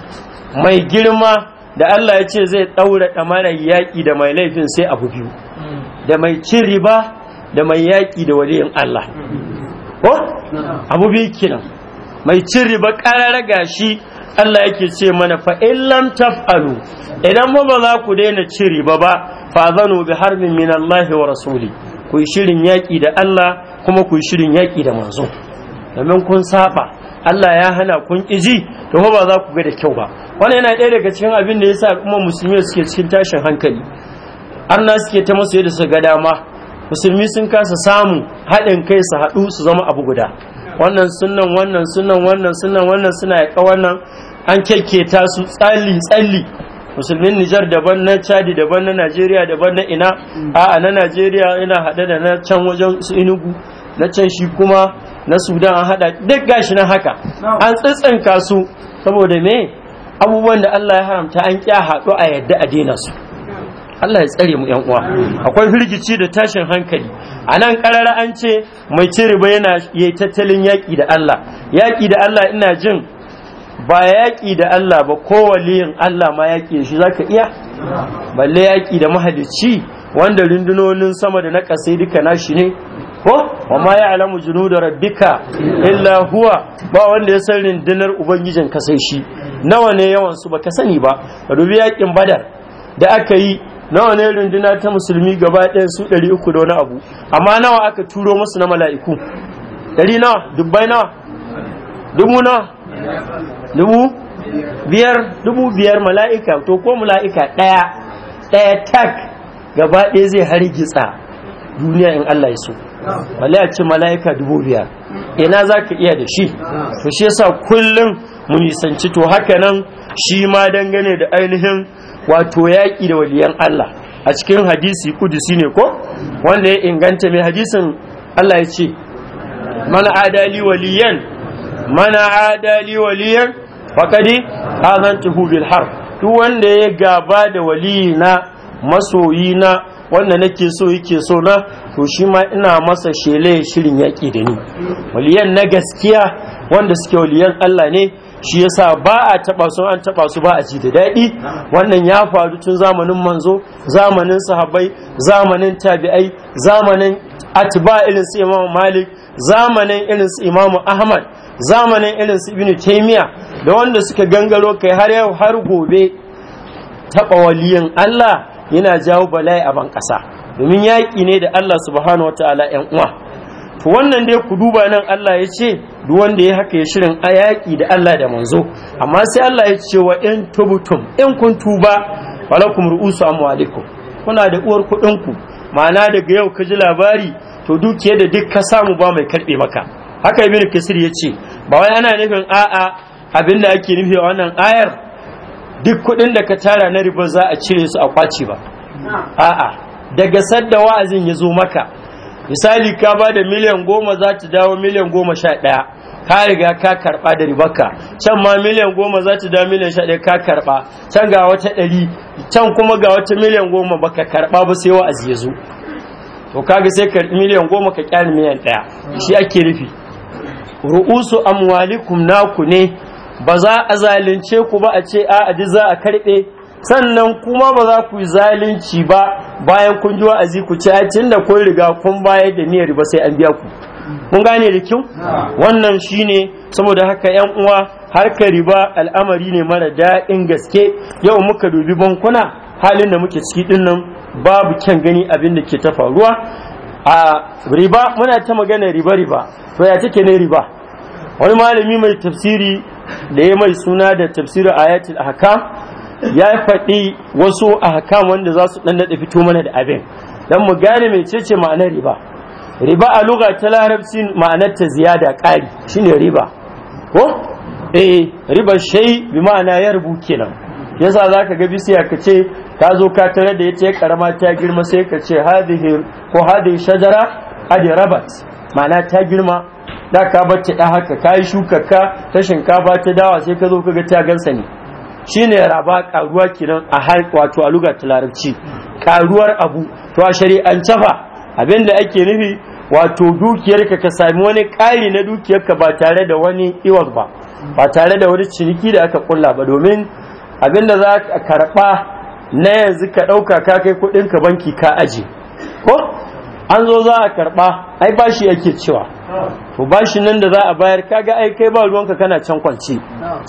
mai girma da Allah ya ce zai ɗaura ɗamanar yaƙi da mai laifin sai abu biyu da mai cin riba da mai yaƙi da waliyin Allah ko abu biyu kenan mai cin riba ƙarara gashi Allah yake ce mana fa lam taf'alu idan ba ba za ku daina cin riba ba fa zanu bi harbin min Allah wa rasuli ku yi shirin yaƙi da Allah kuma ku yi shirin yaƙi da manzo domin kun saba Allah ya hana kun ƙiji to ba za ku ga da kyau ba wannan yana ɗaya daga cikin abin da yasa kuma musulmi suke cikin tashin hankali na suke ta masu yadda su ga dama musulmi sun kasa samun haɗin kai su haɗu su zama abu guda wannan sunan wannan sunan wannan sunan wannan suna yaƙa wannan an kyakketa su tsalli tsalli musulmin Nijar daban na chad daban na Najeriya daban na ina a na Najeriya ina haɗe da na can wajen su inugu. na can shi kuma na sudan an hada duk gashi na haka an tsitsinka su saboda me abubuwan da Allah ya haramta an kya haɗu a yadda a daina su Allah ya tsare mu yan uwa akwai firgici da tashin hankali a nan karara an ce mai cire ba yana yi tattalin yaƙi da Allah yaƙi da Allah ina jin ba yaƙi da Allah ba ko waliyin Allah ma yaƙi da shi zaka iya balle yaƙi da mahalicci wanda rundunonin sama da na ƙasai duka nashi ne ko wa ma ya'lamu da rabbika illa huwa ba wanda ya san rundunar ubangijin ka sai shi nawa ne yawan su baka sani ba ka dubi yakin badar da aka yi nawa ne runduna ta musulmi gaba ɗaya su 300 da wani abu amma nawa aka turo musu na mala'iku Ɗari nawa dubbai nawa dubu nawa dubu biyar dubu biyar mala'ika to ko mala'ika ɗaya ɗaya tak gaba ɗaya zai hargitsa duniya in Allah ya so balle ce mala'ika dubu biyar ina za ka iya da shi to shi yasa kullum mu nisanci to haka nan shi ma dangane da ainihin wato yaƙi da waliyan Allah a cikin hadisi kudusi ne ko wanda ya inganta mai hadisin Allah ya ce mana adali waliyan mana adali waliyan faƙadi azantuhu bil har duk wanda ya gaba da waliyina masoyina wanda nake so yake so na to shi ma ina masa shele shirin yaƙi da ni waliyan na gaskiya wanda suke waliyan Allah ne shi yasa ba a taba su an taba su ba a ji da daɗi wannan ya faru tun zamanin manzo zamanin sahabbai zamanin tabi'ai zamanin atba irin su Imam Malik zamanin irin su Imam Ahmad zamanin irin su Ibn Taymiyyah da wanda suka gangaro kai har yau har gobe Taɓa waliyan Allah yana jawo bala'i a ban domin yaƙi ne da Allah subhanahu wa ta'ala ƴan uwa to wannan dai ku duba nan Allah ya ce duk wanda ya haka ya shirin a yaƙi da Allah da manzo amma sai Allah ya ce wa in tubutum in kun tuba walakum ru'usu amwalikum kuna da uwar kuɗin ku ma'ana daga yau ka ji labari to dukiyar da duk ka samu ba mai karɓe maka haka ibn kasir ya ce ba wai ana nufin a'a abinda ake nufi a wannan ayar duk kuɗin da ka tara na riba za a cire su a kwaci ba a'a daga sadda wa'azin ya zo maka misali ka ba da miliyan goma za ta dawo miliyan goma sha ɗaya ka riga ka karɓa da ribarka can ma miliyan goma za ta dawo miliyan sha ɗaya ka karɓa can ga wata ɗari can kuma ga wata miliyan goma ba ka karɓa ba sai wa'azi ya zo to kaga sai ka miliyan goma ka kyale miliyan ɗaya shi ake rufi ru'usu amwalikum naku ne ba za a zalunce ku ba a ce a aji za a karɓe sannan kuma ba za ku yi zalunci ba bayan kun ji wa'azi ku a tun da kun riga kun bayar da niyyar ba sai an biya ku kun gane da kyau wannan shine saboda haka yan uwa har ka riba al'amari ne mara daɗin gaske yau muka dubi bankuna halin da muke ciki dinnan babu kyan gani abin da ke ta faruwa a riba muna ta magana riba riba to ya take ne riba wani malami mai tafsiri da ya mai suna da tafsirin ayatul ahkam ya faɗi wasu ahkam wanda za su dan da fito mana da abin dan mu gane mecece ma'anar riba riba a lugha ta larabci ma'anar ta ziyada ƙari shine riba ko eh riba shay bi ma'ana ya rubu kenan yasa zaka ga bisiya ka ce ka zo ka tare da yace karama ta girma sai ka ce hadhihi ko hadhihi shajara rabat ma'ana ta girma da ka bacci da haka ka yi ka ta shinkafa ta dawa sai ka zo ka ga ta gansa ne shine raba karuwa kenan a har wato a lugar larabci karuwar abu to a shari'ance fa abin da ake nufi wato dukiyarka ka sami wani kari na dukiyarka ba tare da wani iwak ba ba tare da wani ciniki da aka kulla ba domin abin da za ka karɓa na yanzu ka ɗauka ka kai ka banki ka aje ko an zo za a karɓa ai bashi ake cewa to shi nan da za a bayar kaga ai kai ba ruwanka kana can kwance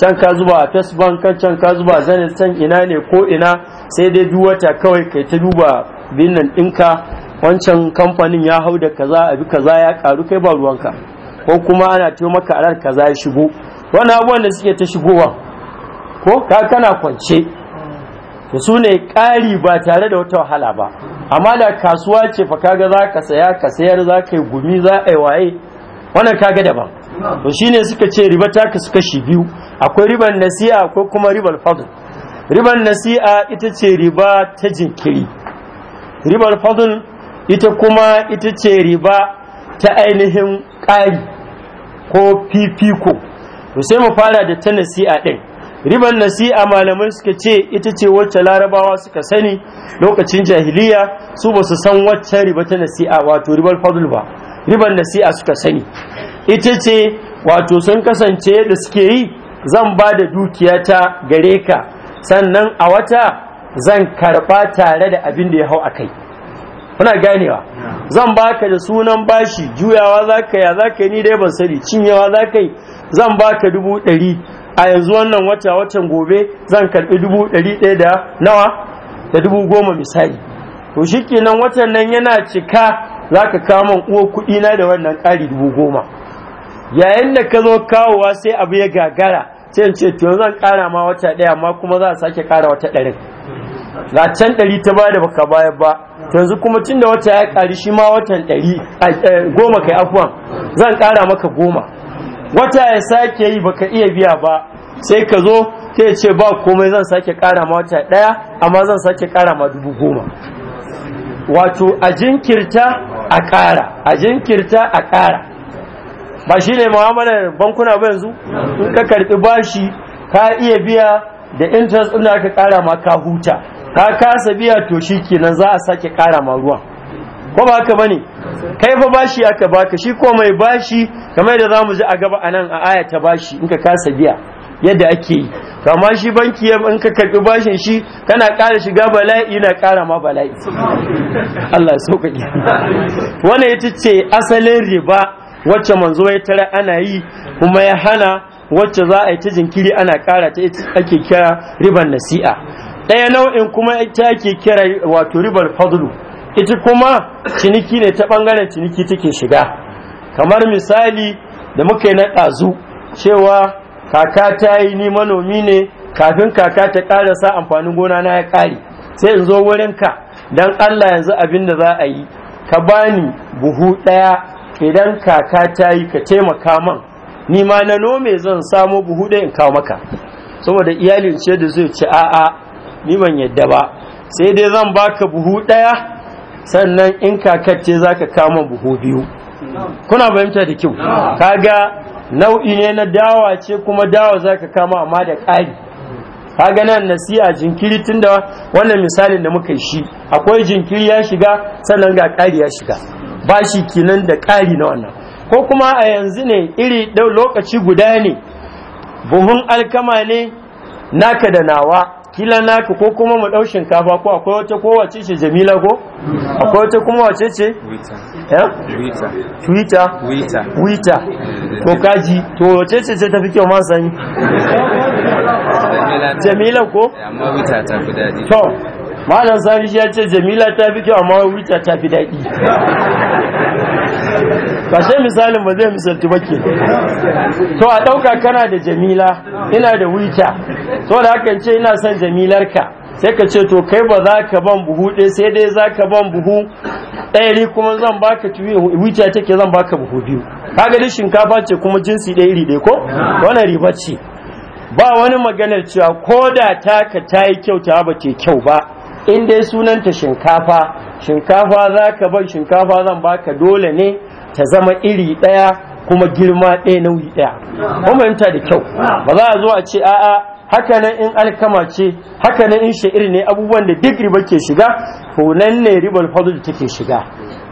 can ka zuba a test bank can ka zuba zanin san ina ne ko ina sai dai duk wata kawai kai ta duba binnan ɗinka wancan kamfanin ya hau da kaza a bi kaza ya karu kai ba ruwanka ko kuma ana taimaka maka kaza ya shigo wani abubuwan da suke ta shigowa ko ka kana kwance to su ne ƙari ba tare da wata wahala ba amma da kasuwa ce fa kaga za ka saya ka sayar za ka yi gumi za a yi waye wannan kaga daban to shine suka ce riba ta kasu kashi biyu akwai riban nasi'a akwai kuma ribar fadl riban nasi'a ita ce riba ta jinkiri ribar fadl ita kuma ita ce riba ta ainihin ƙari ko fifiko to sai mu fara da ta nasi'a ɗin riban nasi'a malamai suka ce ita ce wacce larabawa suka sani lokacin jahiliya su ba su san wacce riba ta nasi'a wato ribar fadl ba riban nasi'a suka sani ita ce wato sun kasance da suke yi zan ba da dukiyata gare ka sannan a wata zan karɓa tare da abin da ya hau a kai kuna ganewa zan ba ka da sunan bashi juyawa za ka ya za ka ni dai ban sani cinyewa za ka yi zan ka dubu ɗari a yanzu wannan wata watan gobe zan karɓi dubu ɗari ɗaya da nawa da dubu goma misali to shi kenan watan nan yana cika zaka ka kama uwar kuɗi na da wannan ƙari dubu goma yayin da ka zo kawowa sai abu ya gagara sai in ce to zan ƙara ma wata ɗaya amma kuma za a sake ƙara wata ɗarin a can ɗari ta da baka baya ba yanzu kuma tun da wata ya ƙari shi ma watan ɗari eh, goma kai afuwan zan ƙara maka goma wata ya sake yi baka iya biya ba sai ka zo ta ce ba komai zan sake ƙara ma wata ɗaya amma zan sake ƙara ma dubu goma wato a jinkirta a ƙara a jinkirta a ƙara ba shi ne mu'amalar bankuna ba yanzu in ka karɓi bashi ka iya biya da interest ɗin da aka ƙara ma ka huta ka kasa biya to shi kenan za a sake ƙara ma ruwa. ko ba haka bane kai fa bashi aka baka shi ko mai bashi kamar da za mu ji a gaba a nan a aya ta bashi in ka kasa biya yadda ake yi kama shi banki in ka karbi bashin shi kana ƙara shiga bala'i yana ƙara ma bala'i Allah sauƙaƙe wannan ita ce asalin riba wacce manzo ya tara ana yi kuma ya hana wacce za a yi ta jinkiri ana ƙara ta ake kira riban nasi'a ɗaya nau'in kuma ita ake kira wato ribar fadlu ita kuma ciniki ne ta ɓangaren ciniki take shiga kamar misali da muka yi na ɗazu cewa kaka ta yi ni manomi ne kafin kaka ta ƙarasa amfanin gona na ya ƙare sai in zo wurin ka don Allah yanzu abin da za a yi ka bani buhu ɗaya idan kaka ta yi ka taimaka man ni ma na nome zan samo buhu ɗaya in kawo maka saboda iyalin ce da zai ci a'a ni ban yadda ba sai dai zan baka buhu ɗaya sannan in kakar ce za ka kama buhu biyu kuna fahimta da kyau kaga nau'i ne na dawa ce kuma dawa za ka kama amma da ƙari kaga nan a jinkiri tun da wannan misalin da muka shi akwai jinkiri ya shiga sannan ga ƙari ya shiga ba shi kinan da ƙari na wannan ko kuma a yanzu ne iri lokaci guda ne buhun alkama ne naka da nawa kila naka ko kuma mu dau shinkafa ko akwai wata ko wace ce jamila ko akwai wata kuma wace ce wita wita wita ko kaji to wace ce ce tafi kyau ma sani jamila ko amma wita ta fi dadi to malam sani ya ce jamila ta fi kyau amma wita ta fi dadi ba sai misalin ba zai misalci ba ke to a ɗauka kana da jamila ina da wita to da hakan ce ina son jamilarka sai ka ce to kai ba za ka ban buhu ɗaya sai dai za ka ban buhu ɗaya ne kuma zan baka wita take zan baka buhu biyu kaga dai shinkafa ce kuma jinsi ɗaya iri ɗaya ko wannan riba ce ba wani maganar cewa ko da taka ta yi kyau ta ba ke kyau ba in dai sunanta shinkafa shinkafa za ka ban shinkafa zan baka dole ne ta zama iri ɗaya kuma girma ɗaya nauyi ɗaya mamanta da kyau ba za a zo a ce a'a haka nan in alkama ce haka nan in iri ne abubuwan da duk riba ke shiga to nan ne ribar ta take shiga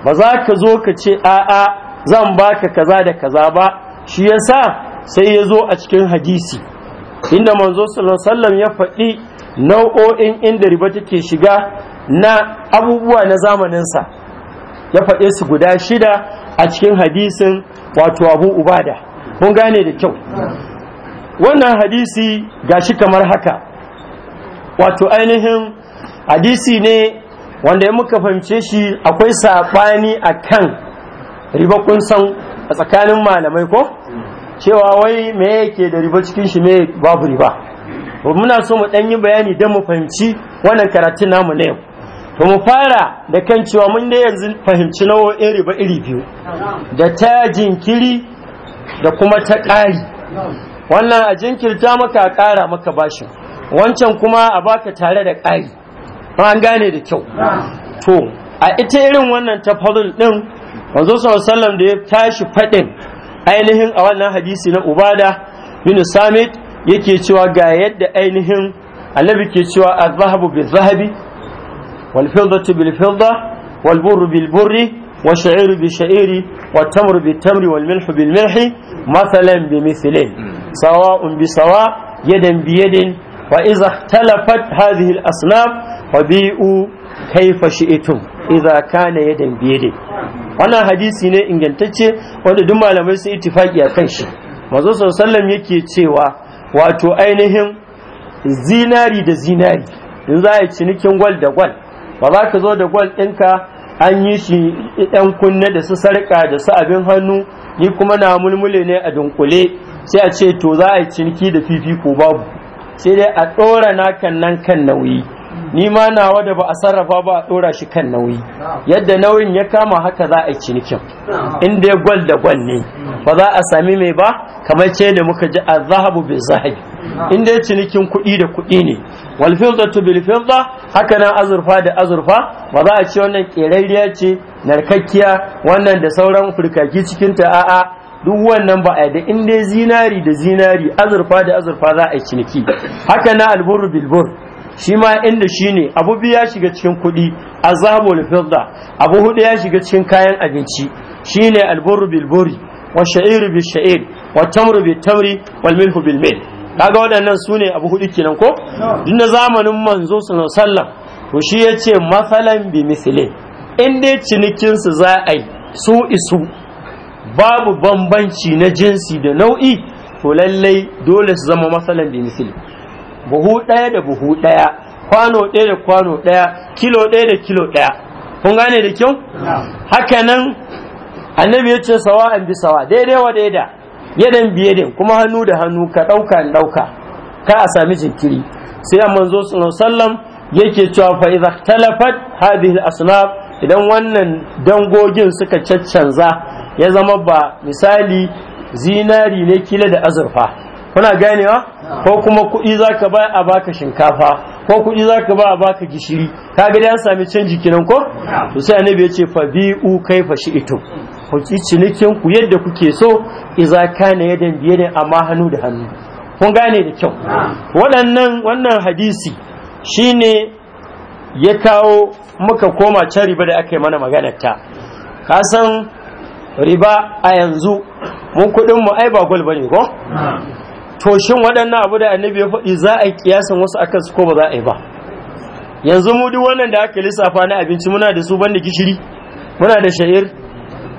ba za ka zo ka ce a'a zan baka kaza da kaza ba shi yasa sai ya zo a cikin hadisi inda manzo sallallahu ya faɗi nau'o'in inda riba take shiga na abubuwa na zamaninsa ya faɗe su guda shida a cikin hadisin wato abu ubada mun gane da kyau wannan hadisi ga shi kamar haka wato ainihin hadisi ne wanda ya muka fahimce shi akwai saɓani a kan riba kun san a tsakanin malamai ko cewa wai me yake da riba cikin shi me babu riba muna so mu ɗan yi bayani don mu fahimci wannan karatun namu na yau to mu fara da kan cewa mun da yanzu fahimci nau'o'in riba iri biyu da ta jinkiri da kuma ta ƙari wannan a jinkirta maka a ƙara maka bashin wancan kuma a baka tare da ƙari an gane da kyau to a ita irin wannan ta fadul din Wanzu sallallahu da ya tashi faɗin ainihin a wannan hadisi na ubada yunus samit yake cewa ga yadda ainihin annabi ke cewa azhabu bi zahabi والفضة بالفضة والبر بالبر والشعير بالشعير والتمر بالتمر والملح بالملح مثلا بمثل سواء بسواء يدا بيد وإذا اختلفت هذه الأصناف فبيئوا كيف شئتم إذا كان يدا بيد wannan hadisi ne ingantacce wanda duk malamai sun ittifaki a kan shi manzo sallam yake cewa wato ainihin zinari da zinari in za a yi cinikin gwal da gwal ba za ka zo da gwal ɗinka an yi shi ɗan kunne da su sarƙa da su abin hannu ni kuma na mulmule ne a dunkule sai a ce to za a yi ciniki da fifiko babu sai dai a ɗora na kan nan kan nauyi ni ma nawa da ba a sarrafa ba a dora shi kan nauyi yadda nauyin ya kama haka za a yi cinikin in dai gwal da gwal ne ba za a sami mai ba kamar ce da muka ji a zahabu bai zahabi in dai cinikin kuɗi da kuɗi ne wal fiddatu bil haka nan azurfa da azurfa ba za a ci wannan ƙerariya ce narkakkiya wannan da sauran furkaki cikin ta a'a duk wannan ba a da in dai zinari da zinari azurfa da azurfa za a yi ciniki haka na alburu bilbur shi ma inda shi ne abu biyu ya shiga cikin kuɗi azhabul da abu hudu ya shiga cikin kayan abinci shi ne alburu bilburi buri wa sha'iru bil sha'ir wa tamru bil tamri wal milhu bil mil kaga waɗannan su ne abu hudu kenan ko dinda zamanin manzo sallam to shi yace masalan bi mislin in dai cinikin su za a yi su isu babu bambanci na jinsi da nau'i to lallai dole su zama masalan bi buhu ɗaya da buhu ɗaya kwano ɗaya da kwano ɗaya kilo ɗaya da kilo ɗaya kun gane da kyau Hakanan. annabi ya ce sawa an bi sawa daidai wa daida yadan biye din kuma hannu da hannu ka ɗauka in ɗauka ka a sami jinkiri sai a manzo sallam yake cewa fa idza talafat hadhihi al-asnaf idan wannan dangogin suka caccanza ya zama ba misali zinari ne kila da azurfa kuna ganewa ko kuma kuɗi za ka ba a baka shinkafa ko kuɗi za ka ba a baka gishiri ka ga an sami canji kenan ko to sai annabi ya ce fa u kai fa shi ito ku ci cinikin ku yadda kuke so iza kana yadan biyene, amma hannu da hannu kun gane da kyau waɗannan wannan hadisi shine ya kawo muka koma can riba da aka yi mana maganar ta ka san riba a yanzu mun kuɗin mu ai ba gol bane ko to shin waɗannan abu da annabi ya faɗi za a yi kiyasan wasu akan su ko ba za a yi ba yanzu mu duk wannan da aka lissafa na abinci muna da su banda gishiri muna da sha'ir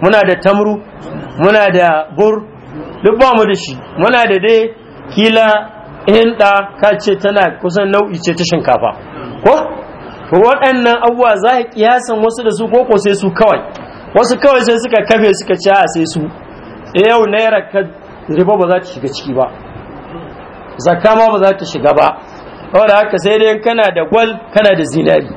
muna da tamru muna da bur duk ba mu da shi muna da dai kila hinda ka ce tana kusan nau'i ce ta shinkafa ko to waɗannan abubuwa za a kiyasan wasu da su ko ko sai su kawai wasu kawai sai suka kafe suka ci a sai su eh, yau naira ka riba ba za ta shiga ciki ba zakka ma ba za ta shiga ba saboda haka sai dai kana da gwal kana da zinari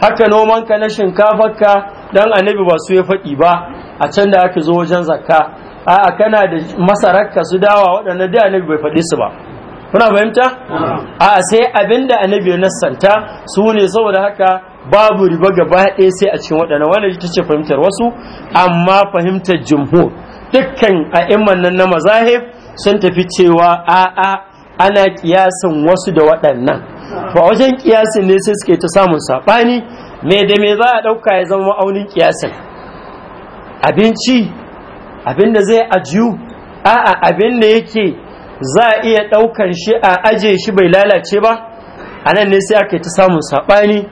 haka nomanka na shinkafarka dan annabi ba su ya faɗi ba a can da aka zo wajen zakka 'a kana da masararka su dawa waɗannan da annabi bai faɗi su ba kuna fahimta a sai abinda annabi ya nassanta su ne saboda haka babu riba gaba ɗaya sai a cikin waɗannan wanda ita ce fahimtar wasu amma fahimtar jumhur dukkan a'imman nan na mazahib sun tafi cewa a'a ana kiyasin wasu da waɗannan to a wajen kiyasin ne sai suke ta samun saɓani me da me za a ɗauka ya zama ma'aunin kiyasin abinci abin da zai ajiyu a'a abin da yake za a iya ɗaukan shi a aje shi bai lalace ba a nan ne sai aka ta samun saɓani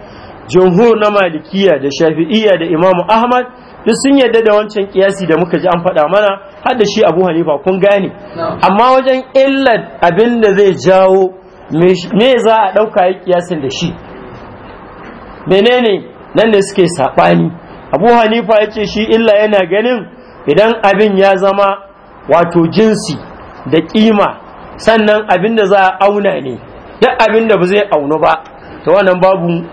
jumhur na malikiya da shafi'iyya da imamu ahmad duk sun yarda da wancan kiyasi da muka ji an faɗa mana har da shi abu hanifa kun gane amma wajen illar abin da zai jawo me za a ɗauka ya kiyasin da shi menene nan da suke saɓani abu hanifa ya ce shi illa yana ganin idan abin ya zama wato jinsi da ƙima sannan abin da za a auna ne duk abin da ba zai auna ba to wannan babu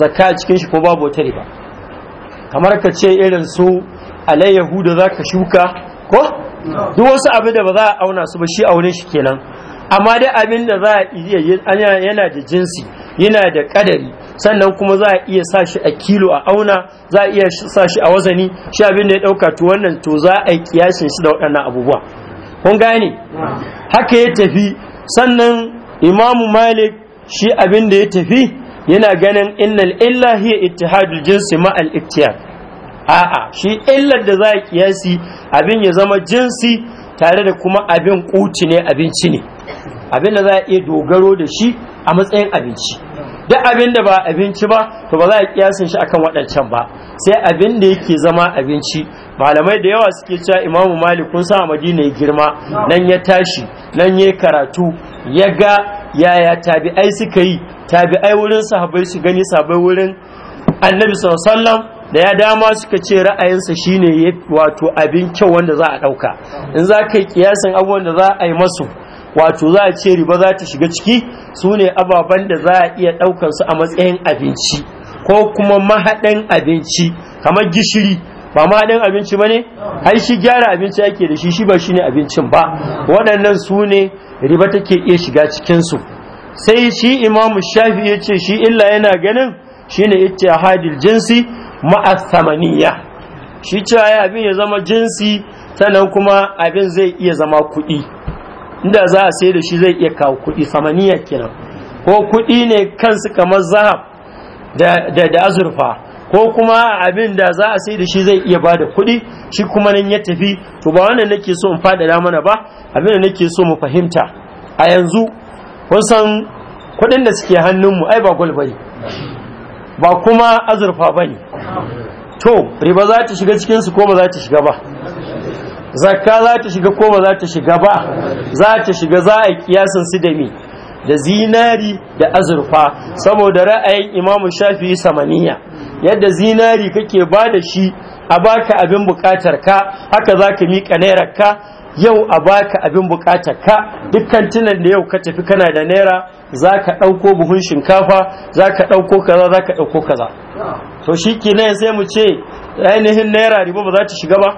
zakka cikin shi ko babu wata riba kamar ka ce irin su alayyahu da za ka shuka ko duk wasu abin da ba za a auna su ba shi a wurin shi kenan amma dai abin da za a iya yana da jinsi yana da kadari sannan kuma za a iya sa shi a kilo a auna za a iya sa shi a wazani shi abin da ya dauka to wannan to za a yi kiyashin shi da waɗannan abubuwa kun gane haka ya tafi sannan imamu malik shi abin da ya tafi yana ganin innal illa hiya ittihadul jinsi ma al a'a shi illar da za a kiyasi abin ya zama jinsi tare da kuma abin kuci ne abinci ne abin da za a iya dogaro da shi a matsayin abinci duk abin da ba abinci ba to ba za a kiyasin shi akan waɗancan ba sai abin da yake zama abinci malamai da yawa suke cewa imamu malik kun sa madina ya girma nan ya tashi nan ya karatu ya ga yaya tabi'ai suka yi tabi'ai wurin sahabai su gani sahabbai wurin annabi sallallahu da ya dama suka ce ra'ayinsa shine wato abin kyau wanda za a ɗauka in za ka yi kiyasin abubuwan da za a yi masu wato za a ce riba za ta shiga ciki su ne ababen da za a iya ɗaukansu a matsayin abinci ko kuma mahaɗin abinci kamar gishiri ba ma ɗan abinci ba ne ai shi gyara abinci ake da shi shi ba shine abincin ba waɗannan su ne riba take iya shiga cikinsu sai shi imamu shafi ya ce shi illa yana ganin shine hadil jinsi ma'asamaniya shi cewa ya abin ya zama jinsi sannan kuma abin zai iya zama kuɗi inda za a sai da shi zai iya kawo kuɗi samaniya kenan ko kuɗi ne kansu kamar zahab da azurfa ko kuma abin da za a sai da shi zai iya bada da kuɗi shi kuma nan ya tafi to ba wannan nake so in faɗaɗa mana ba abin da nake so mu fahimta a yanzu kun san kuɗin da suke hannunmu ai ba gwal ba ne ba kuma azurfa ba ne to riba za ta shiga cikinsu ko ba za ta shiga ba zakka za ta shiga ko ba za ta shiga ba za ta shiga za a kiyasin su da me da zinari da azurfa saboda ra'ayin imamu shafi'i samaniya yadda zinari kake ba da shi a baka abin bukatar ka haka zaka ka miƙa naira ka yau a baka abin bukatar ka dukkan tunan da yau ka tafi kana da naira za ka ɗauko buhun shinkafa za ka ɗauko kaza zaka ka ɗauko kaza to shi kenan sai mu ce ainihin naira riba ba za ta shiga ba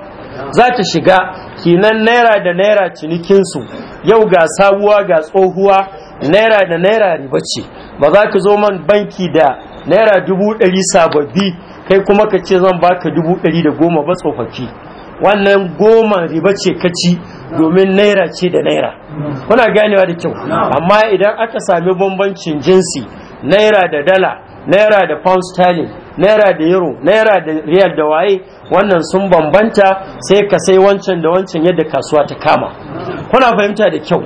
za ta shiga kinan naira da naira cinikinsu yau ga sabuwa ga tsohuwa naira da naira riba ce ba za ka zo man banki da naira dubu ɗari sababbi kai kuma ka ce zan baka dubu ɗari da goma ba tsofaffi wannan goma riba ce kaci domin naira ce da naira kuna ganewa da kyau amma idan aka sami bambancin jinsi naira da dala naira da pound sterling naira da euro naira da riyal da waye wannan sun bambanta sai ka sai wancan da wancan yadda kasuwa ta kama kuna fahimta da kyau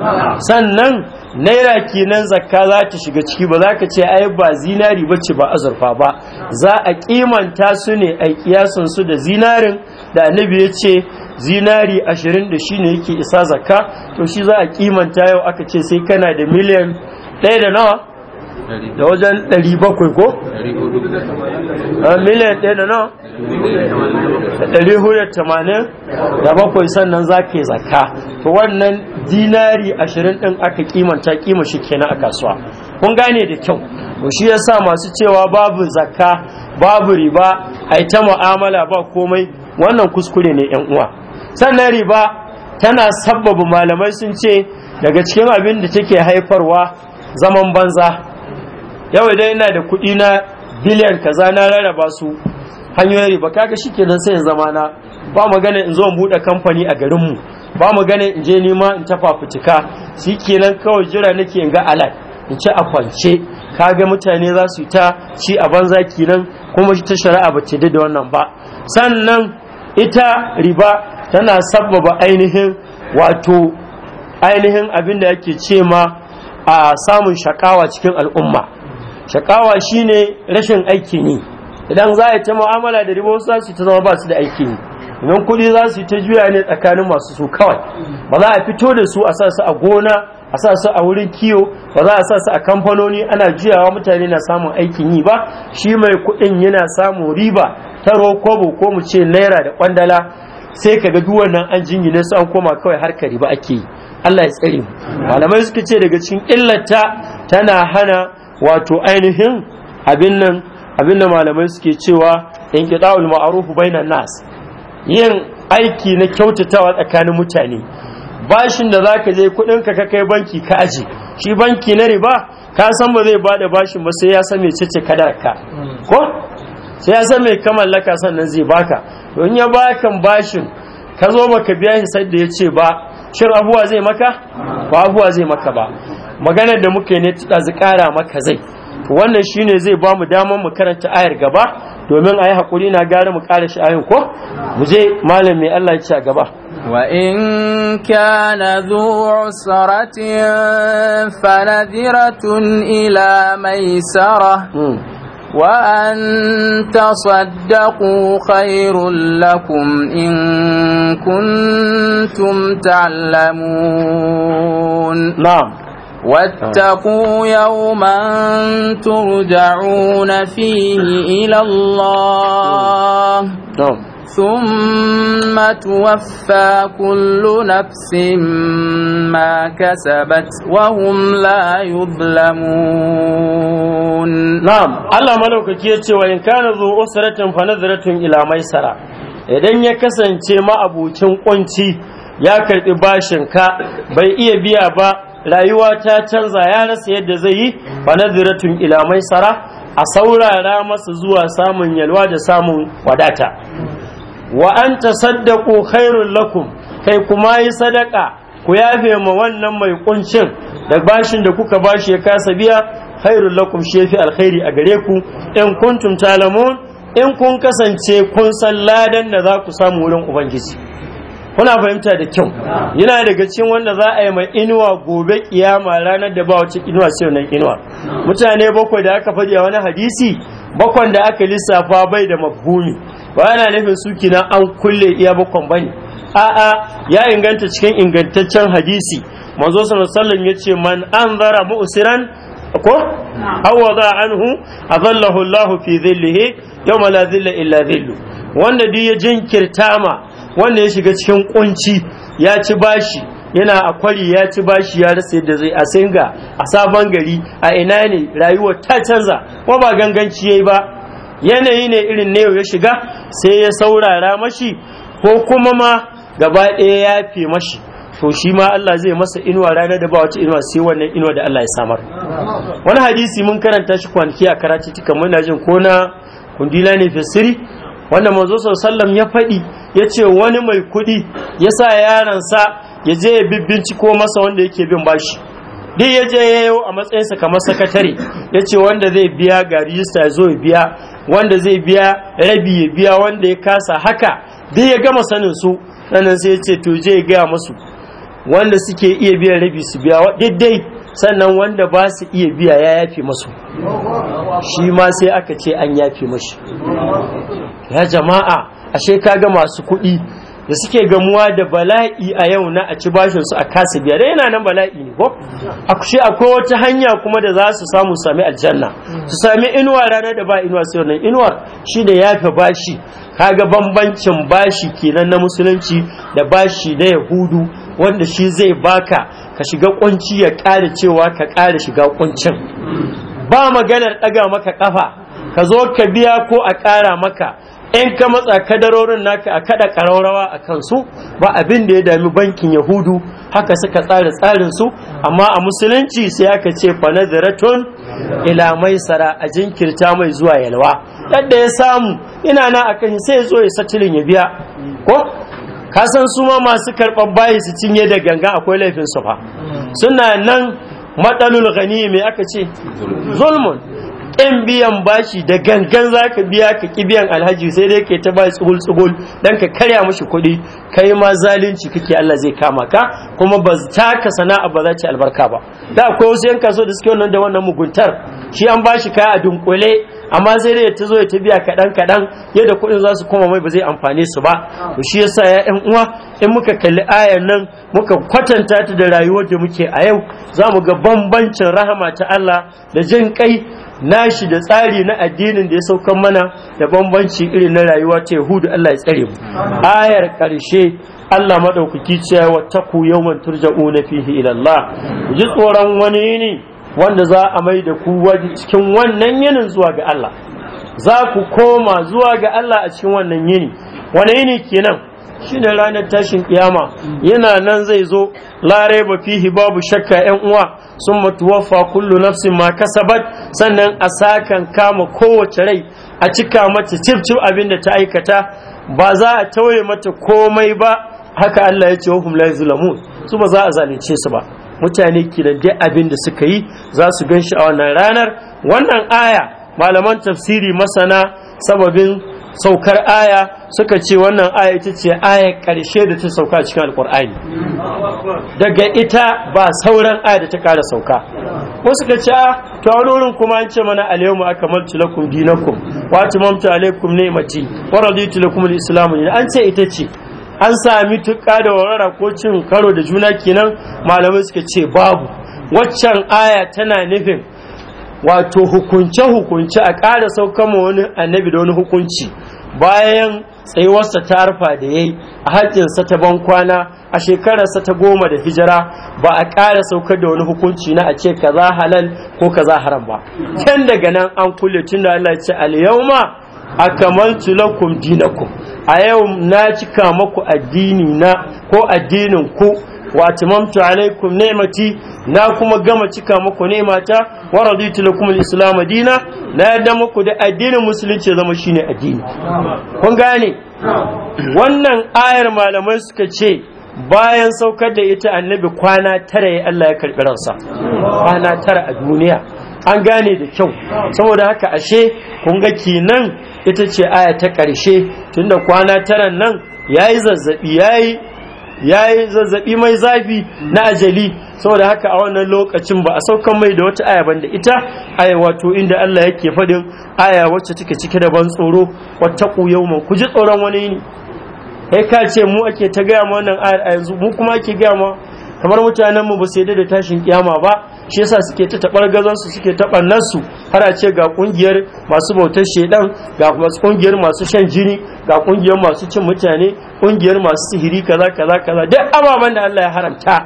sannan naira kenan zakka za ta shiga ciki ba za ka ce ai ba zinari ba ce ba azurfa ba za a kimanta su ne a kiyasan su da zinarin da annabi ya ce zinari ashirin da shi ne yake isa zakka to shi za a kimanta yau aka ce sai kana da miliyan ɗaya da nawa da wajen 700 ko? Eh, miliyan ɗaya da nan? 480 da bakwai sannan za ka zaka to wannan dinari 20 ɗin aka kimanta kima shi kenan a kasuwa kun gane da kyau shi yasa masu cewa babu zakka babu riba a ta mu'amala ba komai wannan kuskure ne yan uwa sannan riba tana sabbaba malamai sun ce daga cikin abin da take haifarwa zaman banza yau idan yana da kuɗi na biliyan kaza na rarraba su hanyoyin riba kaga shikenan sai in zama na ba magana in zo in buɗe kamfani a garin mu ba magana in je nima in tafa ke shikenan kawai jira nake in ga alai in ci a kwance kaga mutane za su ta ci a banza kinan kuma ta shari'a ba ce da wannan ba sannan ita riba tana sabbaba ainihin wato ainihin abinda da yake ce ma a samun shakawa cikin al'umma shakawa shine rashin aikin yi idan za a ta mu'amala da riba za su ta zama ba su da aikin yi idan kuɗi za su ta juya ne tsakanin masu su kawai ba za a fito da su a sa su a gona a sa su a wurin kiyo ba za a sa su a kamfanoni ana juyawa mutane na samun aikin yi ba shi mai kuɗin yana samun riba ta rokobo ko mu ce naira da kwandala sai ka ga duwannan an jingine su an koma kawai ka riba ake yi Allah ya tsare mu malamai suka ce daga cikin illata tana hana wato ainihin abin nan malamai suke cewa in qita'ul ma'ruf bainan nas yin aiki na kyautatawa tsakanin mutane bashin da zaka je kudin ka kai banki ka aje shi banki na riba ka san ba zai bada bashin ba sai ya san mecece kada ka ko sai ya san me ka sannan zai baka to in ya baka bashin ka zo baka biya shi sai da ya ce ba shin abuwa zai maka ba abuwa zai maka ba maganar da muke yi ne zai kara maka zai wannan shine zai ba mu damar mu karanta ayar gaba domin a yi haƙuri na gare mu ƙara sha'ayin ko mu je malami Allah ya ci a gaba wa in kana zu usratin fanadiratun ila maisara hmm. wa an tasaddaqu khairul lakum in kuntum ta'lamun na'am واتقوا يوما ترجعون فيه إلى الله ثم توفى كل نفس ما كسبت وهم لا يظلمون نعم الله ملوك كيتي وإن كان ذو أسرة فنذرة إلى ميسرة إذن يكسن ما أبو كنقنتي ya karɓi bashin ka bai iya biya ba rayuwa ta canza ya rasa yadda zai yi na ziratun ilamai sara a saurara masa zuwa samun yalwa da samun wadata wa an tasaddaqu khairun lakum kai kuma yi sadaka ku yafe ma wannan mai kuncin da bashin da kuka bashi ya kasa biya khairun lakum shi yafi alkhairi a gare ku in kuntum talamun in kun kasance kun san ladan da za ku samu wurin ubangiji kuna fahimta da kyau yana daga cikin wanda za a yi mai inuwa gobe kiyama ranar da ba wace inuwa ce wannan inuwa mutane bakwai da aka faɗi a wani hadisi bakwan da aka lissafa bai da mafhumi ba yana nufin su kina an kulle iya bakwan bane a'a ya inganta cikin ingantaccen hadisi manzo sallallahu ya ce man anzara mu'siran ko awada anhu adallahu Allah fi dhillihi yawma la dhilla illa dhillu wanda duk ya jinkirta ma wanda ya shiga cikin kunci ya ci bashi yana a kwari ya ci bashi ya rasa yadda zai a singa a sabon gari a ina ne rayuwar ta canza ko ba ganganci yayi ba yanayi ne irin ne ya shiga sai ya saurara mashi ko kuma ma gaba ɗaya ya fi mashi to shi ma Allah zai masa inuwa ranar da ba wata inuwa sai wannan inuwa da Allah ya samar wani hadisi mun karanta shi kwanaki a karatu cikin muna jin ko na kundila ne fasiri wanda manzo sallam ya faɗi ya ce wani mai kuɗi ya sa yaransa ya je ya binciko masa wanda yake bin bashi duk ya je yayo a matsayinsa kamar sakatare ya ce wanda zai biya ga rijista ya zo ya biya wanda zai biya rabi ya biya wanda ya kasa haka duk ya gama sanin su sannan sai ya ce to je ya gaya masu wanda suke iya biyan rabi su biya daidai sannan wanda ba su iya biya ya yafe masu shi ma sai aka ce an yafe mashi ya jama'a ashe kaga masu kuɗi da suke gamuwa da bala'i a yau na a ci bashin su a kasa biya da yana nan bala'i ne a kushe akwai wata hanya kuma da za su samu sami aljanna su sami inuwa ranar da ba inuwa sai wannan inuwar shi da yafe bashi kaga bambancin bashi kenan na musulunci da bashi na yahudu wanda shi zai baka ka shiga kunci ya ƙara cewa ka kare shiga kuncin ba maganar daga maka kafa. ka zo ka biya ko a kara maka in ka matsa kadarorin naka a kada ƙararrawa a kansu ba abin da ya dami bankin yahudu haka suka tsara tsarin su amma a musulunci sai aka ce fanazaratun ila maisara a jinkirta mai zuwa yalwa yadda ya samu ina na akan sai ya zo ya satilin ya biya ko ka san su ma masu karɓar bayi su cinye da ganga akwai laifin su fa suna nan matsalul gani mai aka ce zulmun ƙin biyan bashi da gangan za ka biya ka ƙi biyan alhaji sai dai ke ta bayi tsugul tsugul dan ka karya mashi kuɗi kai ma zalunci kake Allah zai kama ka kuma ba ta ka sana'a ba za ta albarka ba da akwai wasu yan so da suke wannan da wannan muguntar shi an bashi kaya a dunkule amma sai dai ta zo ya biya kaɗan kaɗan yadda kuɗin za su koma mai ba zai amfane su ba to shi yasa ya ɗan uwa in muka kalli ayan nan muka kwatanta ta da rayuwar da muke a yau za mu ga bambancin rahama ta Allah da jin kai nashi da tsari na addinin da ya saukan mana da bambanci irin na rayuwa ta yahudu Allah ya tsare mu ayar karshe Allah madaukaki cewa wa taku yawman turja'una fihi ila Allah ji tsoron wani ne wanda za a mai da ku cikin wannan yinin zuwa ga Allah za ku koma zuwa ga Allah a cikin wannan yini wani yini kenan shine ranar tashin kiyama yana nan zai zo larai ba fihi babu shakka yan uwa sun matuwafa kullu nafsin ma kasabat sannan a sakan kama kowace rai a cika mata cif abin da ta aikata ba za a tauye mata komai ba haka Allah ya ce wa hum la yuzlamun su ba za a zalunce su ba mutane kenan dai abin da suka yi za su gan shi a wannan ranar wannan aya malaman tafsiri masana sababin saukar aya suka ce wannan aya ita ce aya karshe da ta sauka cikin alkur'ani daga ita ba sauran aya da ta kara sauka ko suka ce ah, a wurin kuma an ce mana alayyamu aka malci lakum dinakum wa tumamtu alaikum ni'mati wa raditu lakum al an ce ita ce an sami tuƙa da warara ko cin karo da juna kenan malamai suka ce babu waccan aya tana nufin wato hukunce-hukunce a ƙara ma wani annabi da wani hukunci bayan tsayuwarsa ta arfa da ya yi a haƙƙinsa ta bankwana a shekararsa ta goma da hijira ba a ƙara saukar da wani hukunci na a ce ka za halal ko ka za haram ba can daga nan an kulle tun da Allah ce al-yawma akamaltu lakum dinakum a yau na cika maku addini na ko addinin ku wa tamamtu alaikum ni'mati na kuma gama cika maku ni'mata wa raditu lakum al-islam na yadda muku da addinin musulunci zama shine addini kun gane wannan ayar malamai suka ce bayan saukar da ita annabi kwana tara ya Allah ya karbi ransa kwana tara a duniya an gane da kyau saboda haka ashe kun ga kenan ita ce aya ta ƙarshe tunda kwana taran nan ya yi zazzaɓi ya yi zazzaɓi mai zafi na ajali saboda haka a wannan lokacin ba a saukan mai da wata aya banda ita aya wato inda Allah yake faɗin aya wacce take cike da ban tsoro wata ƙuyau ku ji tsoron wani ne kai ka ce mu ake ta gaya ma wannan ayar a yanzu mu kuma ake gaya ma kamar mutanen mu ba su yadda da tashin kiyama ba shi yasa suke ta gazon su suke ta bannan su har a ce ga kungiyar masu bautar shedan ga masu kungiyar masu shan jini ga kungiyar masu cin mutane kungiyar masu sihiri kaza kaza kaza duk ababen da Allah ya haramta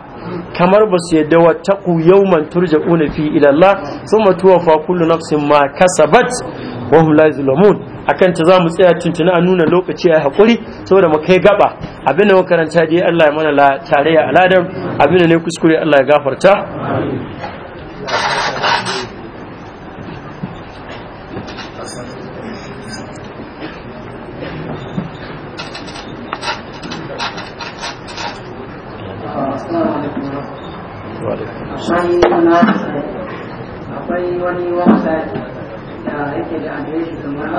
kamar ba su yadda wa taqu yawman turja'una fi ila Allah thumma tuwaffa kullu nafsin ma kasabat wa hum la yuzlamun akan ta za mu tsaya tuntuna a nuna lokaci a haƙuri saboda mu kai gaba abin da makaranta dai Allah ya mana la tarayya aladar abin da ne kuskure Allah ya gafarta akwai wani da yake da adireshi akwai